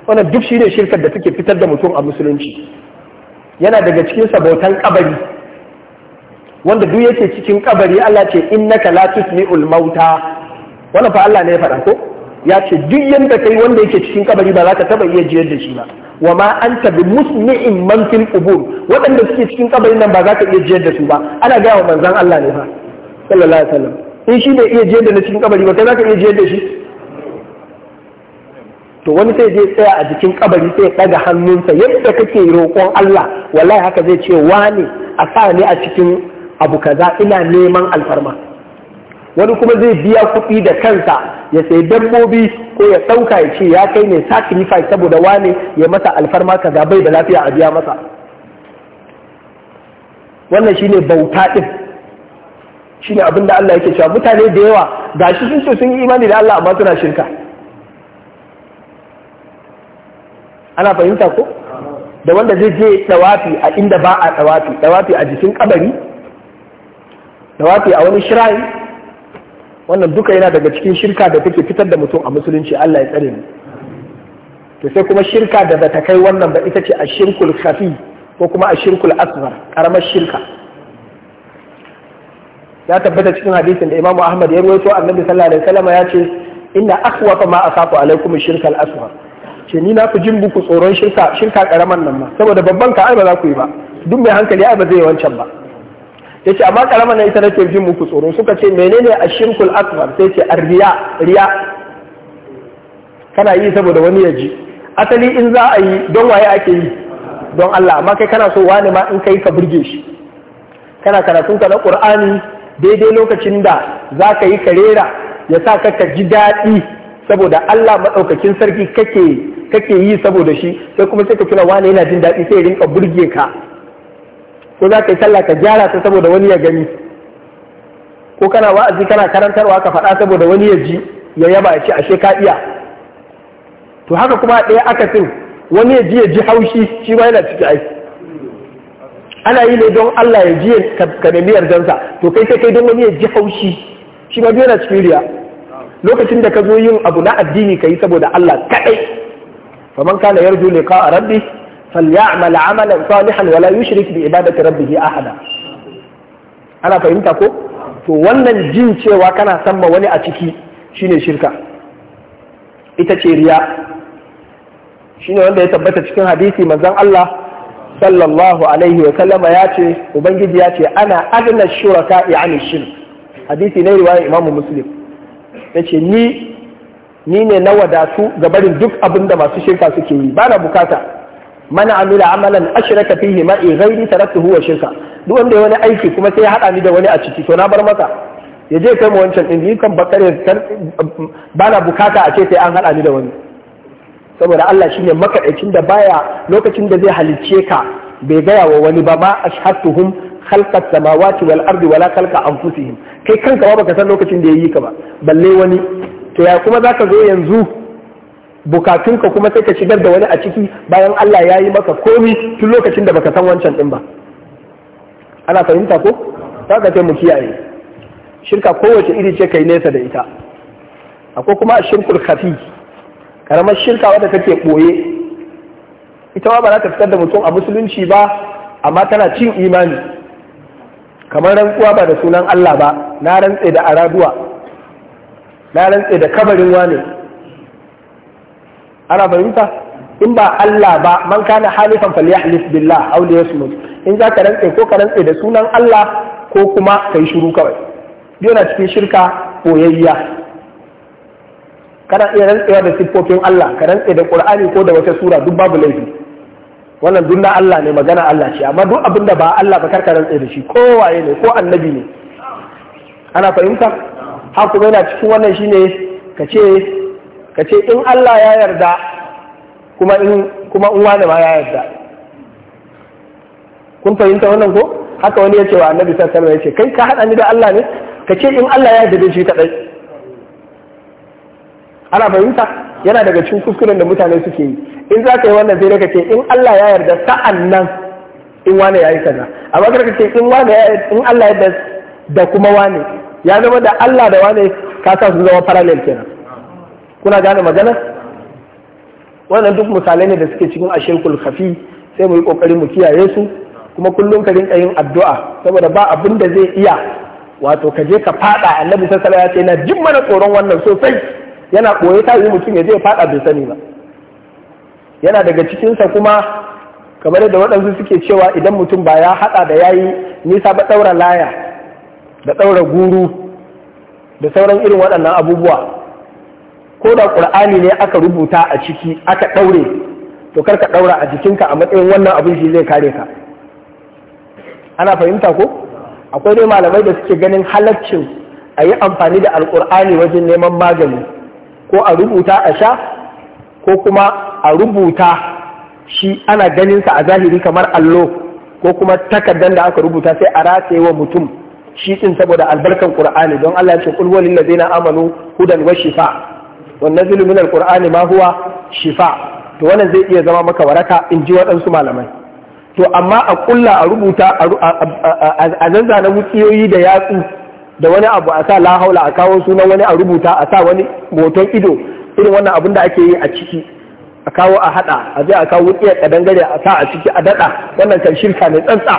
Speaker 1: wannan duk shi ne shirkar da take fitar da mutum a musulunci yana daga cikin sabautan kabari wanda duk yake cikin kabari Allah ce innaka la tusmi'ul mauta wannan fa Allah ne ya faɗa ko ya ce duk yanda kai wanda yake cikin kabari ba za ka taba iya jiyar da shi ba wa ma anta bi musmi'in man fil qubur waɗanda suke cikin kabarin nan ba za ka iya jiyar da su ba ana ga wa manzon Allah ne fa sallallahu alaihi wasallam in shi bai iya jiyar da na cikin kabari ba kai za ka iya jiyar da shi to wani sai zai tsaya a jikin kabari sai ɗaga hannunsa yadda kake roƙon Allah wallahi haka zai ce wani a sa ne a cikin abu kaza ina neman alfarma wani kuma zai biya kuɗi da kansa ya sayi dabbobi ko ya ɗauka ya ce ya kai ne sacrifice saboda wane ya masa alfarma kaza bai da lafiya a biya masa wannan shine bauta ɗin shine abinda Allah yake cewa mutane da yawa gashi sun ce sun yi imani da Allah amma suna shirka ana fahimta ko da wanda zai je dawafi a inda ba a dawafi dawafi a jikin kabari dawafi a wani shirayi, wannan duka yana daga cikin shirka da take fitar da mutum a musulunci Allah ya tsare mu to sai kuma shirka da bata kai wannan ba ita ce a shirkul khafi ko kuma a shirkul asghar karamar shirka ya tabbata cikin hadisin da Imam Ahmad ya rawaito Annabi sallallahu alaihi wasallam ya ce inna akhwafa ma asafu alaikum shirkal asghar ce ni na fi jin buku tsoron shirka shirka karaman nan ma saboda babban ka ai ba za ku yi ba duk mai hankali ai ba zai wancan ba yace amma karaman nan ita nake jin buku tsoron suka ce menene ashirkul akbar sai ce arriya riya kana yi saboda wani ya ji asali in za a yi don waye ake yi don Allah amma kai kana so wani ma in kai ka burge shi kana karatun ka na Qur'ani daidai lokacin da za ka yi karera ya sa ka ji daɗi saboda Allah maɗaukakin sarki kake kake yi saboda shi sai kuma sai ka kira wani yana jin daɗi sai ya rinka burge ka ko za ka yi sallah ka gyara ta saboda wani ya gani ko kana wa'azi kana karantarwa ka faɗa saboda wani ya ji ya yaba ya ce ashe ka iya to haka kuma ɗaya aka sin wani ya ji ya ji haushi shi ma yana ciki aiki. ana yi ne don Allah ya ji ka nemi yardansa to kai sai kai don wani ya ji haushi shi ma biyu yana cikin riya lokacin da ka zo yin abu na addini ka yi saboda Allah kaɗai faman kana yarju liqa rabbi falyamal amalan salihan wala yushrik bi ibadati rabbih ahada ana fahimta ko to wannan jin cewa kana san ma wani a ciki shine shirka ita ce riya shine wanda ya tabbata cikin hadisi manzon Allah sallallahu alaihi wa sallama ya ce ubangiji ya ce ana adna shuraka yani shirk hadisi ne riwaya imamu muslim ya ce ni ni ne na wadatu ga barin duk abin da masu shirka suke yi ba na bukata mana amila amalan ashraka fihi ma in ghairi taraktuhu wa shirka duk wanda ya wani aiki kuma sai ya hada ni da wani a ciki to na bar masa ya je kai mu wancan din kan bakare ba na bukata a ce sai an hada ni da wani saboda Allah shine makaɗaicin da baya lokacin da zai halicce ka bai gaya wa wani ba ma ashhatuhum khalqa samawati wal ardi wala khalqa anfusihim kai kanka ba baka san lokacin da yayi ka ba balle wani to ya kuma zaka zo yanzu bukatunka kuma sai ka shigar da wani a ciki bayan Allah ya yi maka komi tun lokacin da baka san wancan din ba ana fahimta ko za ka mu kiyaye shirka kowace iri ce kai nesa da ita akwai kuma shirkul khafi karamar shirka wadda take boye ita ba za ta fitar da mutum a musulunci ba amma tana cin imani kamar rantsuwa ba da sunan Allah ba na rantse da araduwa na rantse da kabarin wane ana fahimta in ba Allah ba man kana halifan falyahlif billah aw liyasmut in za ka rantse ko ka rantse da sunan Allah ko kuma kai shiru kawai na cikin shirka koyayya kana iya rantsewa da siffofin Allah ka rantse da Qur'ani ko da wata sura duk babu laifi wannan duk na Allah ne magana Allah ce amma duk abin da ba Allah ba karkaran tsaye da shi kowaye ne ko annabi ne ana fahimta haku kuma yana cikin wannan shine ka ce ka ce in Allah ya yarda kuma in kuma ma ya yarda kun fahimta wannan ko haka wani ya ce wa annabi sallallahu alaihi wasallam ya ce kai ka hada ni da Allah ne ka ce in Allah ya yarda shi kadai ana fahimta yana daga cikin kuskuren da mutane suke yi in za ka yi wannan zai ka ce in Allah ya yarda sa'an nan in wane ya yi kaza amma ka ce in wane in Allah ya da kuma wane ya zama da Allah da wane ka sa su zama parallel kenan
Speaker 3: kuna gane magana
Speaker 1: wannan duk misalai ne da suke cikin ashirkul kulkafi sai mu yi mu kiyaye su kuma kullum ka rinka yin addu'a saboda ba abin da zai iya wato ka je ka faɗa annabi sallallahu alaihi wasallam ya ce na jin mana tsoron wannan sosai yana koyi ta yi mutum ya je ya fada bai sani ba yana daga cikinsa kuma kamar da waɗansu suke cewa idan mutum ba ya haɗa da ya yi nisa ba ɗaura laya da ɗaura guru da sauran irin waɗannan abubuwa ko da ƙur'ani ne aka rubuta a ciki aka ɗaure to kar ɗaura a jikinka a matsayin wannan abin shi zai kare ka ana fahimta ko akwai dai malamai da suke ganin halaccin a yi amfani da alƙur'ani wajen neman magani ko a rubuta a sha ko kuma a rubuta shi ana ganinsa a zahiri kamar allo ko kuma takardar da aka rubuta sai a rataye wa mutum shi din saboda albarkan qur'ani don Allah ya ce kul walil ladina amanu hudan wa shifa wan nazilu min alqur'ani ma huwa shifa to wannan zai iya zama maka waraka in ji waɗansu malamai to amma a kulla a rubuta a zanzana wutsiyoyi da yatsu da wani abu a sa la haula a kawo sunan wani a rubuta a sa wani hoton ido irin wannan abin da ake yi a ciki a kawo a hada a je a kawo kadan kadangare a sa a ciki a dada wannan kan shirka ne tsantsa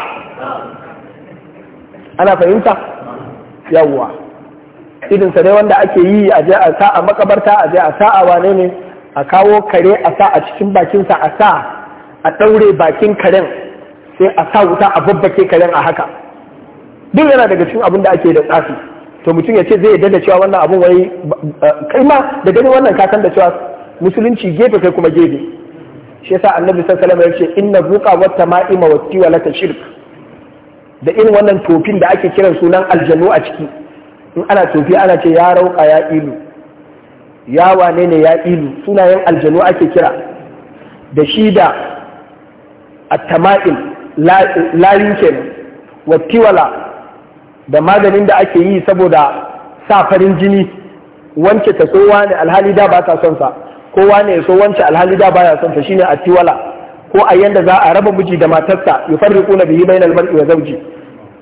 Speaker 1: ana fahimta yawwa irin sare wanda ake yi a je a sa a makabarta a je a sa a wane ne a kawo kare a sa a cikin bakinsa a sa a daure bakin karen sai a sa wuta a babbake karen a haka duk yana daga cikin abin da ake da tsafi to mutum ya ce zai yarda da cewa wannan abun wai kai ma da gani wannan ka san da cewa musulunci gefe kai kuma gefe shi yasa annabi sallallahu alaihi wasallam ya ce inna buqa wa tama'ima wa tiwala ta shirk da irin wannan tofin da ake kiran sunan aljanu a ciki in ana tofi ana ce ya rauka ya ilu ya wane ne ya ilu sunayen aljanu ake kira da shi da at-tama'im la wa tiwala da maganin da ake yi saboda sa farin jini wance ta so wani alhali da ba ta son sa ko wani ya so wance alhali da ba ya son sa shine a tiwala ko a yanda za a raba miji da matarsa yufarriquna bihi bainal mar'i wa zawji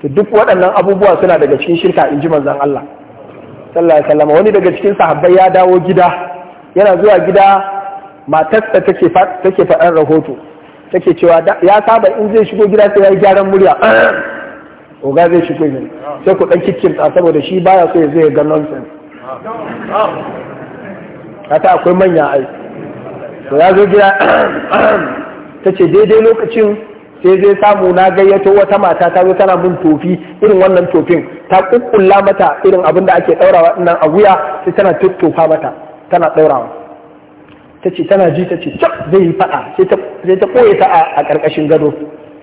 Speaker 1: to duk waɗannan abubuwa suna daga cikin shirka in ji manzon Allah sallallahu alaihi wasallam wani daga cikin sahabbai ya dawo gida yana zuwa gida matarsa take take faɗan rahoto take cewa ya saba in zai shigo gida sai ya yi gyaran murya oga zai shi kuma sai ku dan ta saboda shi baya so ya zai ga nonsense haka akwai manya ai to ya zo gida ta ce daidai lokacin sai zai samu na gayyato wata mata ta zo tana mun tofi irin wannan tofin ta kukkulla mata irin abin da ake daurawa nan a wuya sai tana tuttofa mata tana daurawa ta ce tana ji ta ce cak zai yi fada sai ta koye ta a karkashin gado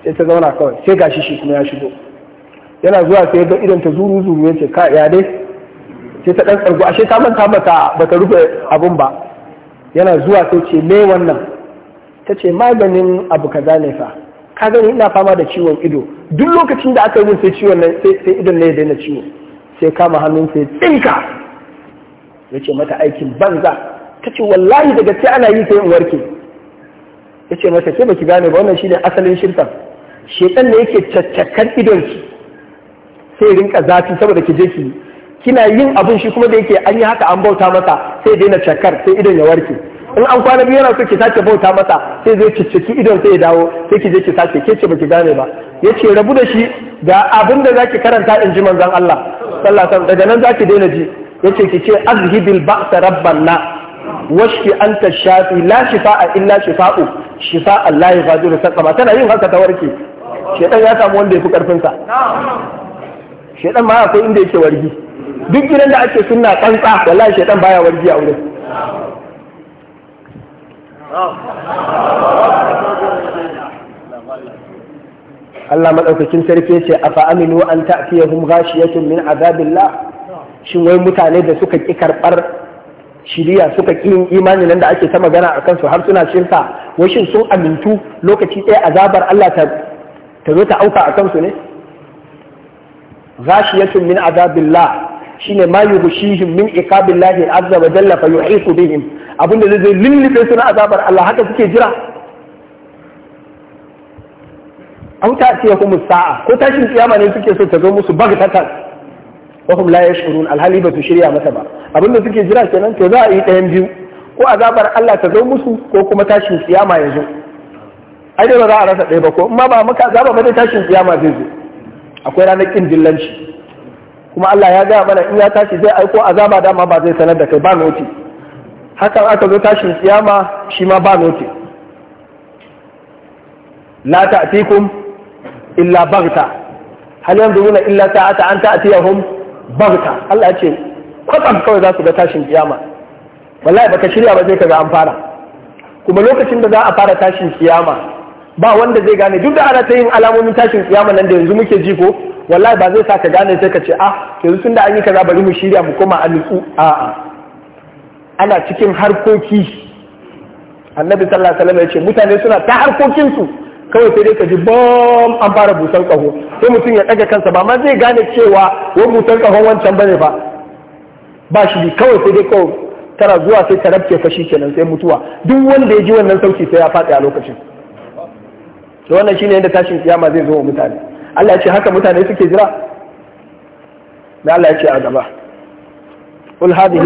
Speaker 1: sai ta zauna kawai sai gashi shi kuma ya shigo yana zuwa sai ga idan ta zuru zuru ya ce ka ya dai sai ta ɗan tsargu ashe ta manta mata bata rufe abun ba yana zuwa sai ce me wannan ta ce maganin abu kaza ne fa ka gani ina fama da ciwon ido duk lokacin da aka yi sai ciwon nan sai idan ne ya daina ciwo sai kama hannun sai tsinka ya ce mata aikin banza ta ce wallahi daga sai ana yi sai in warke ya ce mata ke baki gane ba wannan shine asalin shirka shekan ne yake caccakan idonki sai rinka zafi saboda ki je ki yi kina yin abin shi kuma da yake an yi haka an bauta masa sai daina cakar sai idon ya warke in an kwana biyu yana so ki sake bauta masa sai zai cicciki idon sai ya dawo sai ki je ki sake ke ce baki gane ba yace rabu da shi ga abin da zaki karanta in ji manzon Allah sallallahu alaihi daga nan zaki daina ji yace ki ce azhibil ba'sa rabbanna an anta shafi la shifa'a illa shifa'u ya da da saqama tana yin haka ta warke shedan ya samu wanda yafi karfin sa shedan ba akwai inda yake wargi duk gidan da ake sunna tsantsa wallahi shedan baya wargi a wurin Allah madaukakin sarki ce afa aminu an ta'tiyahum ghashiyatun min azabillah shin wai mutane da suka ki karbar shiriya suka ki yin imani nan da ake ta magana a kansu har suna shirka wai shin sun amintu lokaci ɗaya azabar Allah ta zo ta auka a kansu ne ghashiyatun min azabillah shine ma yughshihim min iqabillahi azza wa jalla fa yuhitu bihim abinda zai lullube su na azabar Allah haka suke jira an ta ce kuma sa'a ko tashin kiyama ne suke so ta zo musu bagtatan wa hum la yashurun alhali ba su shirya mata ba abinda suke jira kenan to za a yi ɗayan biyu ko azabar Allah ta zo musu ko kuma tashin kiyama ya zo ai dai ba za a rasa ɗaya ba ko amma ba maka azaba ba dai tashin kiyama zai zo akwai ranar kin dillanci kuma Allah ya gaya mana in ya tashi zai aiko azaba dama ba zai sanar da kai ba noti hakan aka zo tashin kiyama shi ma ba noti la ta'tikum illa baghta hal yanzuruna illa sa'ata an ta'tiyahum baghta Allah ya ce kwatsam kawai za su ga tashin kiyama wallahi baka shirya ba zai kaga an fara kuma lokacin da za a fara tashin kiyama ba wanda zai gane duk da ana ta yin alamomin tashin kiyama nan da yanzu muke ji ko wallahi ba zai sa ka gane sai ka ce ah yanzu tun da an yi kaza bari mu shirya mu koma an nutsu a'a ana cikin harkoki annabi sallallahu alaihi wasallam ya ce mutane suna ta harkokin su kawai sai dai ka ji bom an fara busan kaho sai mutum ya daga kansa ba ma zai gane cewa wa busan kahon wancan bane ba ba shi kawai sai dai kawai tara zuwa sai ta rabke fashi kenan sai mutuwa duk wanda ya ji wannan sauki sai ya faɗi a lokacin to wannan shine yadda tashin kiyama zai zo wa mutane Allah ya ce haka mutane suke jira da Allah ya ce a gaba قل هذه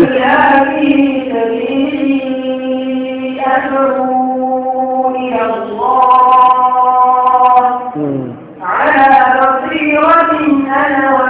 Speaker 2: على بصيرة أنا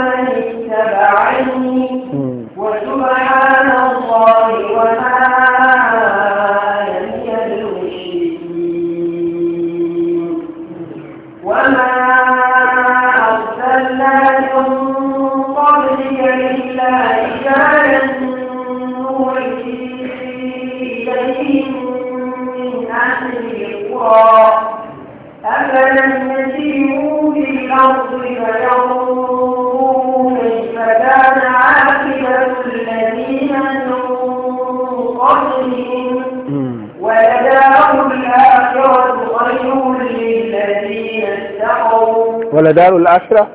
Speaker 2: ولدار الآخرة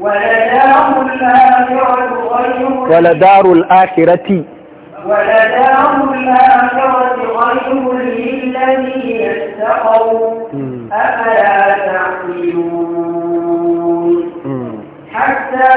Speaker 2: ولدار الآخرة
Speaker 1: ولدار الآخرة
Speaker 2: ولدار الآخرة أفلا تعقلون حتى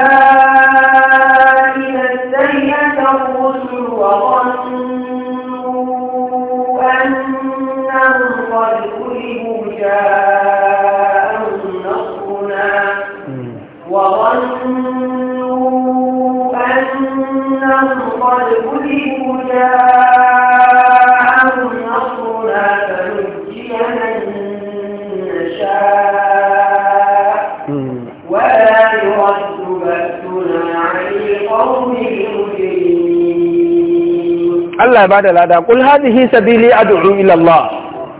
Speaker 1: Allah ya da lada kul hadhihi sabili ad'u ila Allah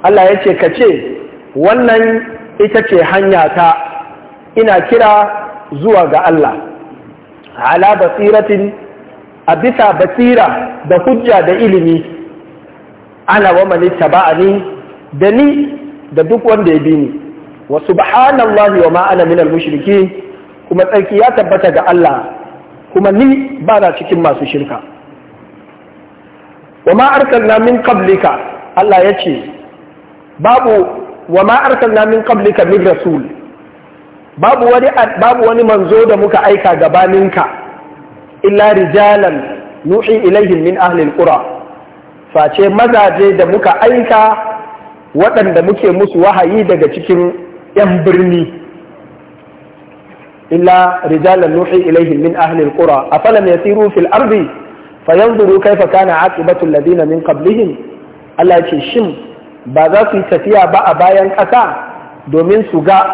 Speaker 1: Allah yace kace wannan ita ce hanya ta ina kira zuwa ga Allah ala basiratin a bisa basira da hujja da ilimi ana wa man ittaba'ani da ni da duk wanda ya bi ni wa subhanallahi wa ma'ana minal mushriki kuma tsarki ya tabbata ga Allah kuma ni ba na cikin masu shirka wa ma namin min qablika Allah ya ce babu wa ma namin min qablika min rasul babu wani babu wani manzo da muka aika gabaninka illa rijalan nuhi ilaihim min ahli alqura face mazaje da muka aika waɗanda muke musu wahayi daga cikin 'yan birni illa rijalan nuhi ilaihim min ahli alqura afalam yasiru fil ardi fa yanzuru kaifa kana aqibatul ladina min qablihim Allah ya ce shin ba za su yi tafiya ba a bayan ƙasa domin su ga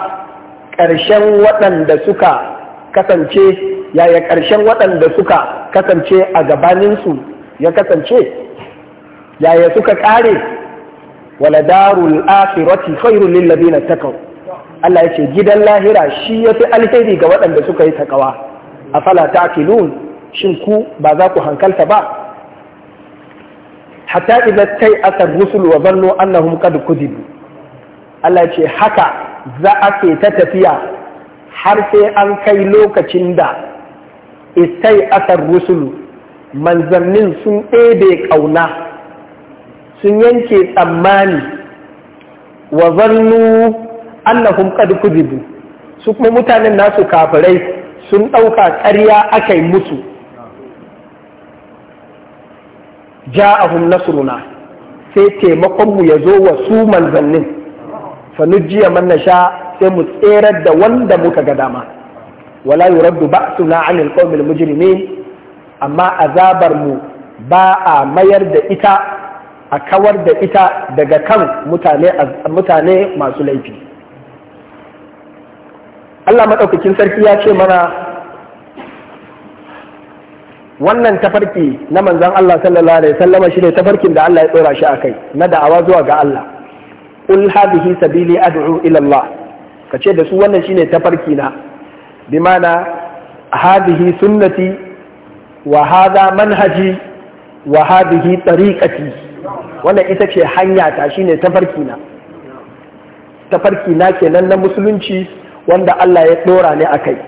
Speaker 1: ƙarshen waɗanda suka kasance yaya ƙarshen waɗanda suka kasance a gabaninsu ya kasance yaya suka ƙare wala darul akhirati khairul lil ladina taqaw Allah ya gidan lahira shi yafi alheri ga waɗanda suka yi takawa a ta'qilun shin ku ba za ku hankalta ba hatta idan tai asar rusul wa zannu annahum qad kudibu Allah ce haka za a ke ta tafiya har sai an kai lokacin da istai asar rusulu manzannin sun ɗebe ƙauna sun yanke tsammani wa zannu annahum qad kudibu su kuma mutanen nasu kafirai sun ɗauka ƙarya aka yi musu ja'ahum nasruna sai taimakon mu ya zo wa su manzannin fa nujiya man nasha sai mu tserar da wanda muka ga dama wala yuraddu ba'suna 'anil qawmil mujrimin amma azabar mu ba a mayar da ita a kawar da ita daga kan mutane masu laifi Allah madaukakin sarki ya ce mana wannan tafarki na manzon Allah sallallahu alaihi wasallam shine tafarkin da Allah ya tsora shi akai na da'awa zuwa ga Allah ul hadhihi sabili ad'u ilallah. Allah kace da su wannan shine tafarki na bi mana hadhihi sunnati wa hadha manhaji wa hadhihi tariqati wannan ita ce hanya ta shine tafarki na tafarki na kenan na musulunci wanda Allah ya dora ne a kai.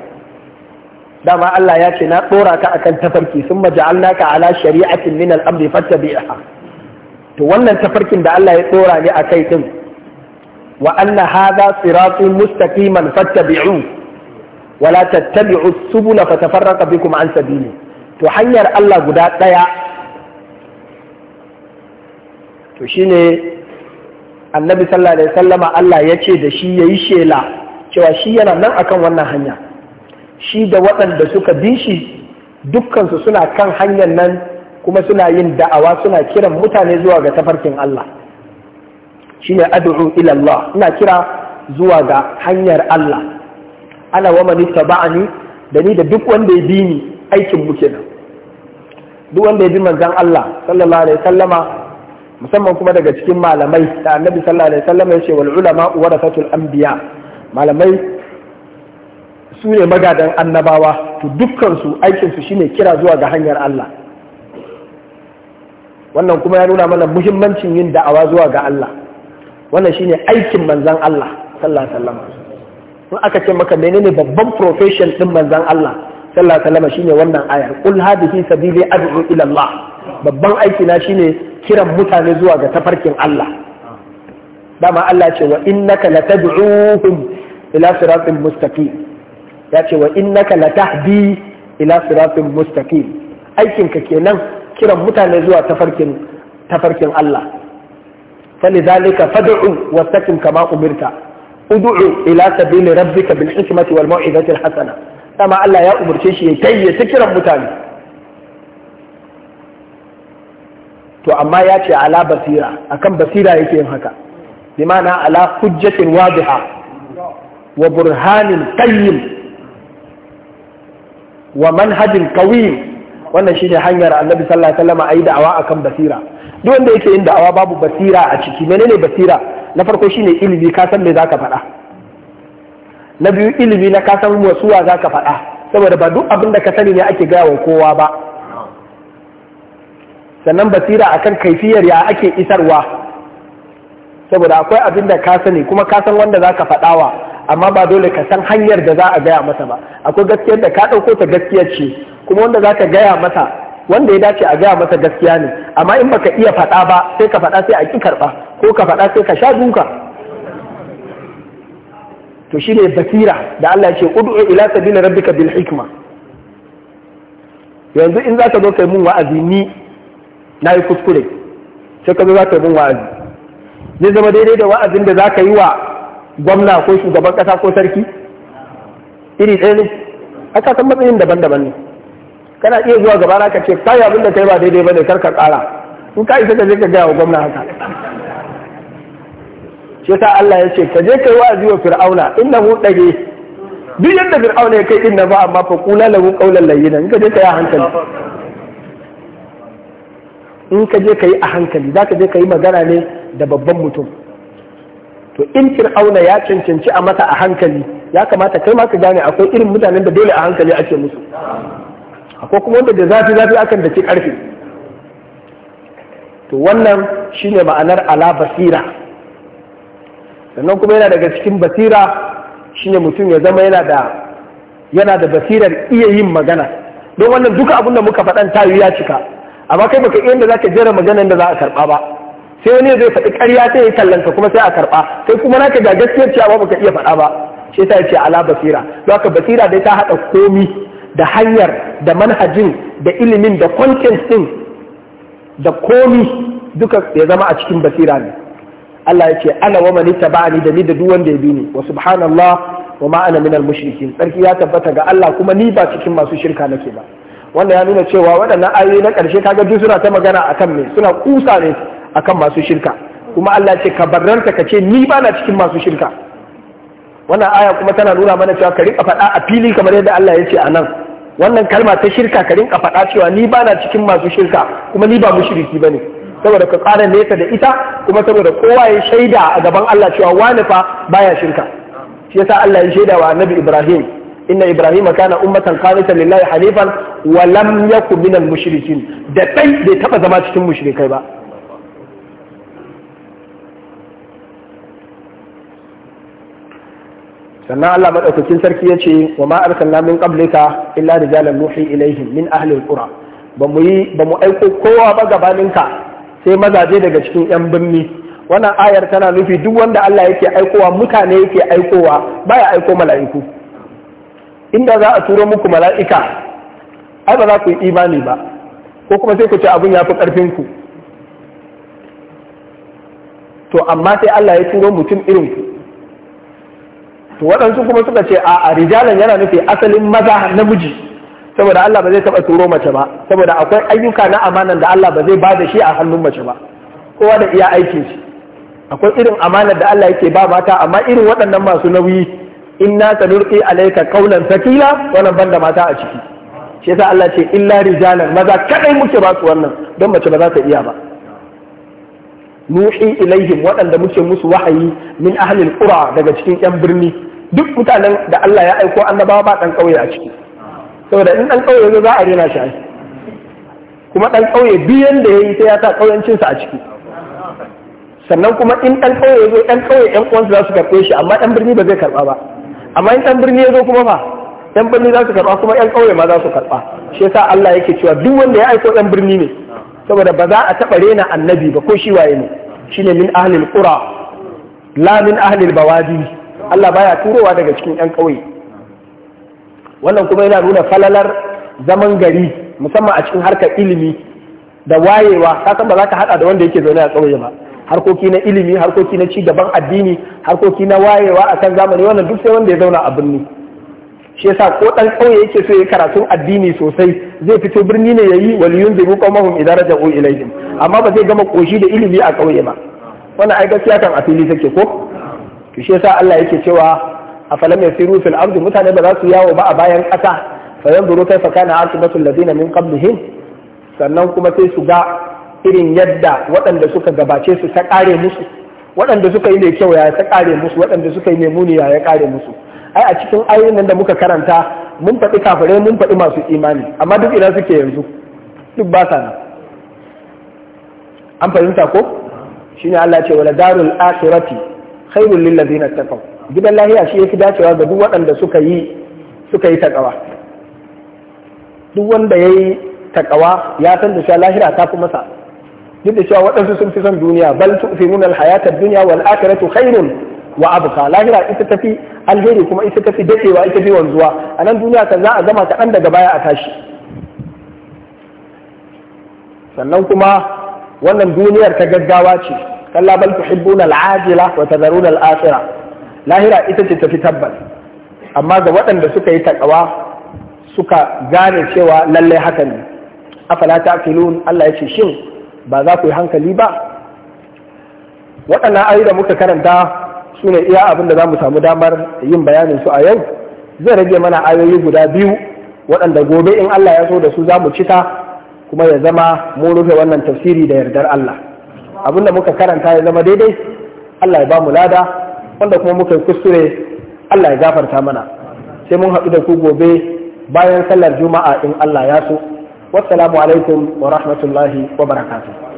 Speaker 1: dama Allah ya ce na tsora ka akan tafarki sun maja'alna ka ala shari'atin min al'amri fattabi'ha to wannan tafarkin da Allah ya tsora ne a kai din wa anna hadha siratun mustaqiman fattabi'u wala tattabi'u subula fatafarraqa bikum an sabili to hanyar Allah guda daya to shine annabi sallallahu alaihi wasallama Allah ya ce da shi yayi shela cewa shi yana nan akan wannan hanya shi da waɗanda suka bi shi dukkansu suna kan hanyar nan kuma suna yin da'awa suna kiran mutane zuwa ga tafarkin Allah Shi ne adu'u ilallah ina kira zuwa ga hanyar Allah ana wa man taba'ani da ni da duk wanda ya bi ni aikin mu nan duk wanda ya bi manzon Allah sallallahu alaihi wasallama musamman kuma daga cikin malamai da Annabi sallallahu alaihi wal ulama anbiya malamai su ne magadan annabawa to dukkansu aikinsu shine kira zuwa ga hanyar Allah wannan kuma ya nuna mana muhimmancin yin da'awa zuwa ga Allah wannan shine aikin manzan Allah sallallahu alaihi wasallam in aka ce maka menene babban profession din manzan Allah sallallahu alaihi wasallam shine wannan ayar qul hadhihi sabili ad'u ila Allah babban aiki na shine kiran mutane zuwa ga tafarkin Allah dama Allah ce wa innaka latad'uhum ila siratin mustaqim ya ce wa innaka la tahdi ila siratin mustaqim aikin kenan kiran mutane zuwa tafarkin tafarkin Allah falizalika fad'u wastaqim kama umirta ud'u ila sabili rabbika bil hikmati wal mau'izati al hasana kama Allah ya umarci shi ya kayyata kiran mutane to amma ya ala basira akan basira yake yin haka bi ala hujjatin wadiha wa burhanin qayyim wa manhajin qawim wannan shi ne hanyar annabi sallallahu alaihi wasallam yi da'awa akan basira duk wanda yake yin da'awa babu basira a ciki menene basira na farko shine ilimi ka san me zaka faɗa na biyu ilimi na ka san wasuwa zaka faɗa saboda ba duk abin da ka sani ne ake gaya wa kowa ba sannan basira akan kaifiyar ya ake isarwa saboda akwai abin da ka sani kuma ka san wanda ka faɗawa amma ba dole ka san hanyar da za a gaya masa ba akwai gaskiyar da ka ɗauko ta gaskiya ce kuma wanda za ka gaya masa wanda ya dace a gaya masa gaskiya ne amma in baka iya faɗa ba sai ka faɗa sai a ƙi karɓa ko ka faɗa sai ka sha duka to shine basira da Allah ya ce ud'u ila sabila rabbika bil hikma yanzu in za ka zo kai mun wa'azi ni na yi kuskure sai ka zo za ka yi mun wa'azi zai zama daidai da wa'azin da za ka yi wa gwamna ko shugaban kasa ko sarki iri ɗaya ne aka san matsayin daban-daban ne kana iya zuwa gaba na ka ce yi abin da kai ba daidai ba kar ka ƙara in ka isa ka je ka gaya wa gwamna haka shi ta Allah ya ce ka je kai wa'azi wa fir'auna innahu dage duk yadda fir'auna ya kai din na ba amma fa qula lahu qawlan layyina in ka je kai a hankali in ka je kai a hankali zaka je kai magana ne da babban mutum to in fir'auna ya cancanci a masa a hankali ya kamata kai ma ka gane akwai irin mutanen da dole a hankali ake musu akwai kuma wanda da zafi zafi akan da ci karfi to wannan shine ma'anar ala basira sannan kuma yana daga cikin basira shine mutum ya zama yana da yana da basirar iya yin magana don wannan duka abin da muka faɗan tayu ya cika amma kai baka inda zaka jera maganar da za a karɓa ba sai wani zai faɗi ƙarya sai ya kallanta kuma sai a karɓa sai kuma naka ga gaskiyar cewa ka iya faɗa ba shi yasa yace ala basira haka basira dai ta haɗa komi da hanyar da manhajin da ilimin da content din da komi duka ya zama a cikin basira ne Allah ya ce ana wa mani taba'ani da ni da duk wanda ya bi ni wa subhanallah wa ma ana minal mushrikin Sarki ya tabbata ga Allah kuma ni ba cikin masu shirka nake ba wannan ya nuna cewa waɗannan ayoyi na ƙarshe kaga duk suna ta magana akan me suna kusa ne akan masu shirka kuma Allah ce ka barranta ka ce ni ba na cikin masu shirka wannan aya kuma tana nuna mana cewa ka rinka faɗa a fili kamar yadda Allah ya ce a nan wannan kalma ta shirka ka rinka faɗa cewa ni ba na cikin masu shirka kuma ni ba mushriki ba ne saboda ka ƙara nesa da ita kuma saboda kowa ya shaida a gaban Allah cewa wani fa baya shirka shi yasa Allah ya shaida wa Annabi Ibrahim inna Ibrahim kana ummatan qanitan lillahi hanifan wa lam yakun minal mushrikin da dai bai taba zama cikin mushrikai ba sannan Allah madaukakin sarki ya ce wa ma arsalna min qablika illa rijalan nuhi ilaihim min ahli alqura ba mu yi ba aiko kowa ba gabaninka sai mazaje daga cikin yan birni wannan ayar tana nufi duk wanda Allah yake aikowa mutane yake aikowa baya aiko mala'iku inda za a turo muku mala'ika ai ba za ku yi imani ba ko kuma sai ku ce abin ya fi ƙarfinku. ku to amma sai Allah ya turo mutum irin ku to waɗansu kuma suka ce a rijalan yana nufi asalin maza namiji saboda Allah ba zai taɓa turo mace ba saboda akwai ayyuka na amanan da Allah ba zai ba da shi a hannun mace ba
Speaker 2: kowa da iya aiki
Speaker 1: shi akwai irin amanar da Allah yake ba mata amma irin waɗannan masu nauyi inna sanulqi alayka qawlan thaqila wannan banda mata a ciki shi yasa Allah ce illa rijalan maza kadai muke ba su wannan don mace ba za ta iya ba nuhi ilaihim waɗanda muke musu wahayi min ahlil qura daga cikin yan birni duk mutanen da Allah ya aiko annabawa ba ɗan ƙauye a ciki saboda in ɗan ƙauye za a rena shi kuma ɗan ƙauye biyan da ya yi sai ya sa ƙauyencinsa a ciki sannan kuma in ɗan ƙauye zo ɗan ƙauye ƴan uwansu za su karɓe shi amma ɗan birni ba zai karɓa ba amma in ɗan birni ya zo kuma fa ɗan birni za su karɓa kuma ƴan ƙauye ma za su karɓa shi yasa Allah yake cewa duk wanda ya aiko ɗan birni ne saboda ba za a taɓa rena annabi ba ko shi waye ne shine min ahlil qura la min ahlil bawadi Allah baya turowa daga cikin yan ƙauye wannan kuma yana nuna falalar zaman gari musamman a cikin harkar ilimi da wayewa kasan ba za ka hada da wanda yake zaune a ƙauye ba harkoki na ilimi harkoki na ci gaban addini harkoki na wayewa a kan zamani wannan duk sai wanda ya zauna a birni shi yasa ko ɗan ƙauye yake so ya karatun addini sosai zai fito birni ne ya yayi waliyun zai ruqa mahum idan raja'u ilaihim amma ba zai gama koshi da ilimi a ƙauye ba wannan ai gaskiya kan a fili take ko to shi yasa Allah yake cewa a afalam yasiru fil ardi mutane ba za su yawo ba a bayan ƙasa fa yanzuru kaifa kana aqibatu alladhina min qablihim sannan kuma sai su ga irin yadda waɗanda suka gabace su ta ƙare musu waɗanda suka yi mai kyau ya ta ƙare musu waɗanda suka yi mai muni ya ya ƙare musu ai a cikin ayoyin nan da muka karanta mun faɗi kafirai mun faɗi masu imani amma duk ina suke yanzu duk ba sa nan an fahimta ko shine Allah ce wala darul akhirati khairul lil ladina taqaw gidan lahiya shi yafi dacewa ga waɗanda suka yi suka yi duk wanda yayi takawa ya san da cewa lahira ta fi masa duk da cewa waɗansu sun fi son duniya bal tu'minuna al hayata ad-dunya wal akhiratu khairun wa abqa lahira ita tafi alheri kuma ita tafi dacewa ita fi wanzuwa a nan duniya kan za a zama kaɗan daga baya a tashi sannan kuma wannan duniyar ta gaggawa ce kalla bal tuhibbuna al-ajila wa tadharuna al-akhirah lahira ita ce tafi tabbas amma ga waɗanda suka yi takawa suka gane cewa lalle haka ne afala ta'qilun Allah ya ce shin ba za ku yi hankali ba waɗannan ayoyi da muka karanta su ne iya abin da za mu samu damar yin bayanin su a yau zai rage mana ayoyi guda biyu waɗanda gobe in Allah ya so da su za mu cita kuma ya zama mu rufe wannan tafsiri da yardar Allah abinda muka karanta ya zama daidai Allah ya ba mu lada wanda kuma muka yi kuskure Allah ya gafarta mana sai mun haɗu da ku gobe bayan sallar juma'a in Allah ya so wassalamu alaikum wa rahmatullahi wa barakatuh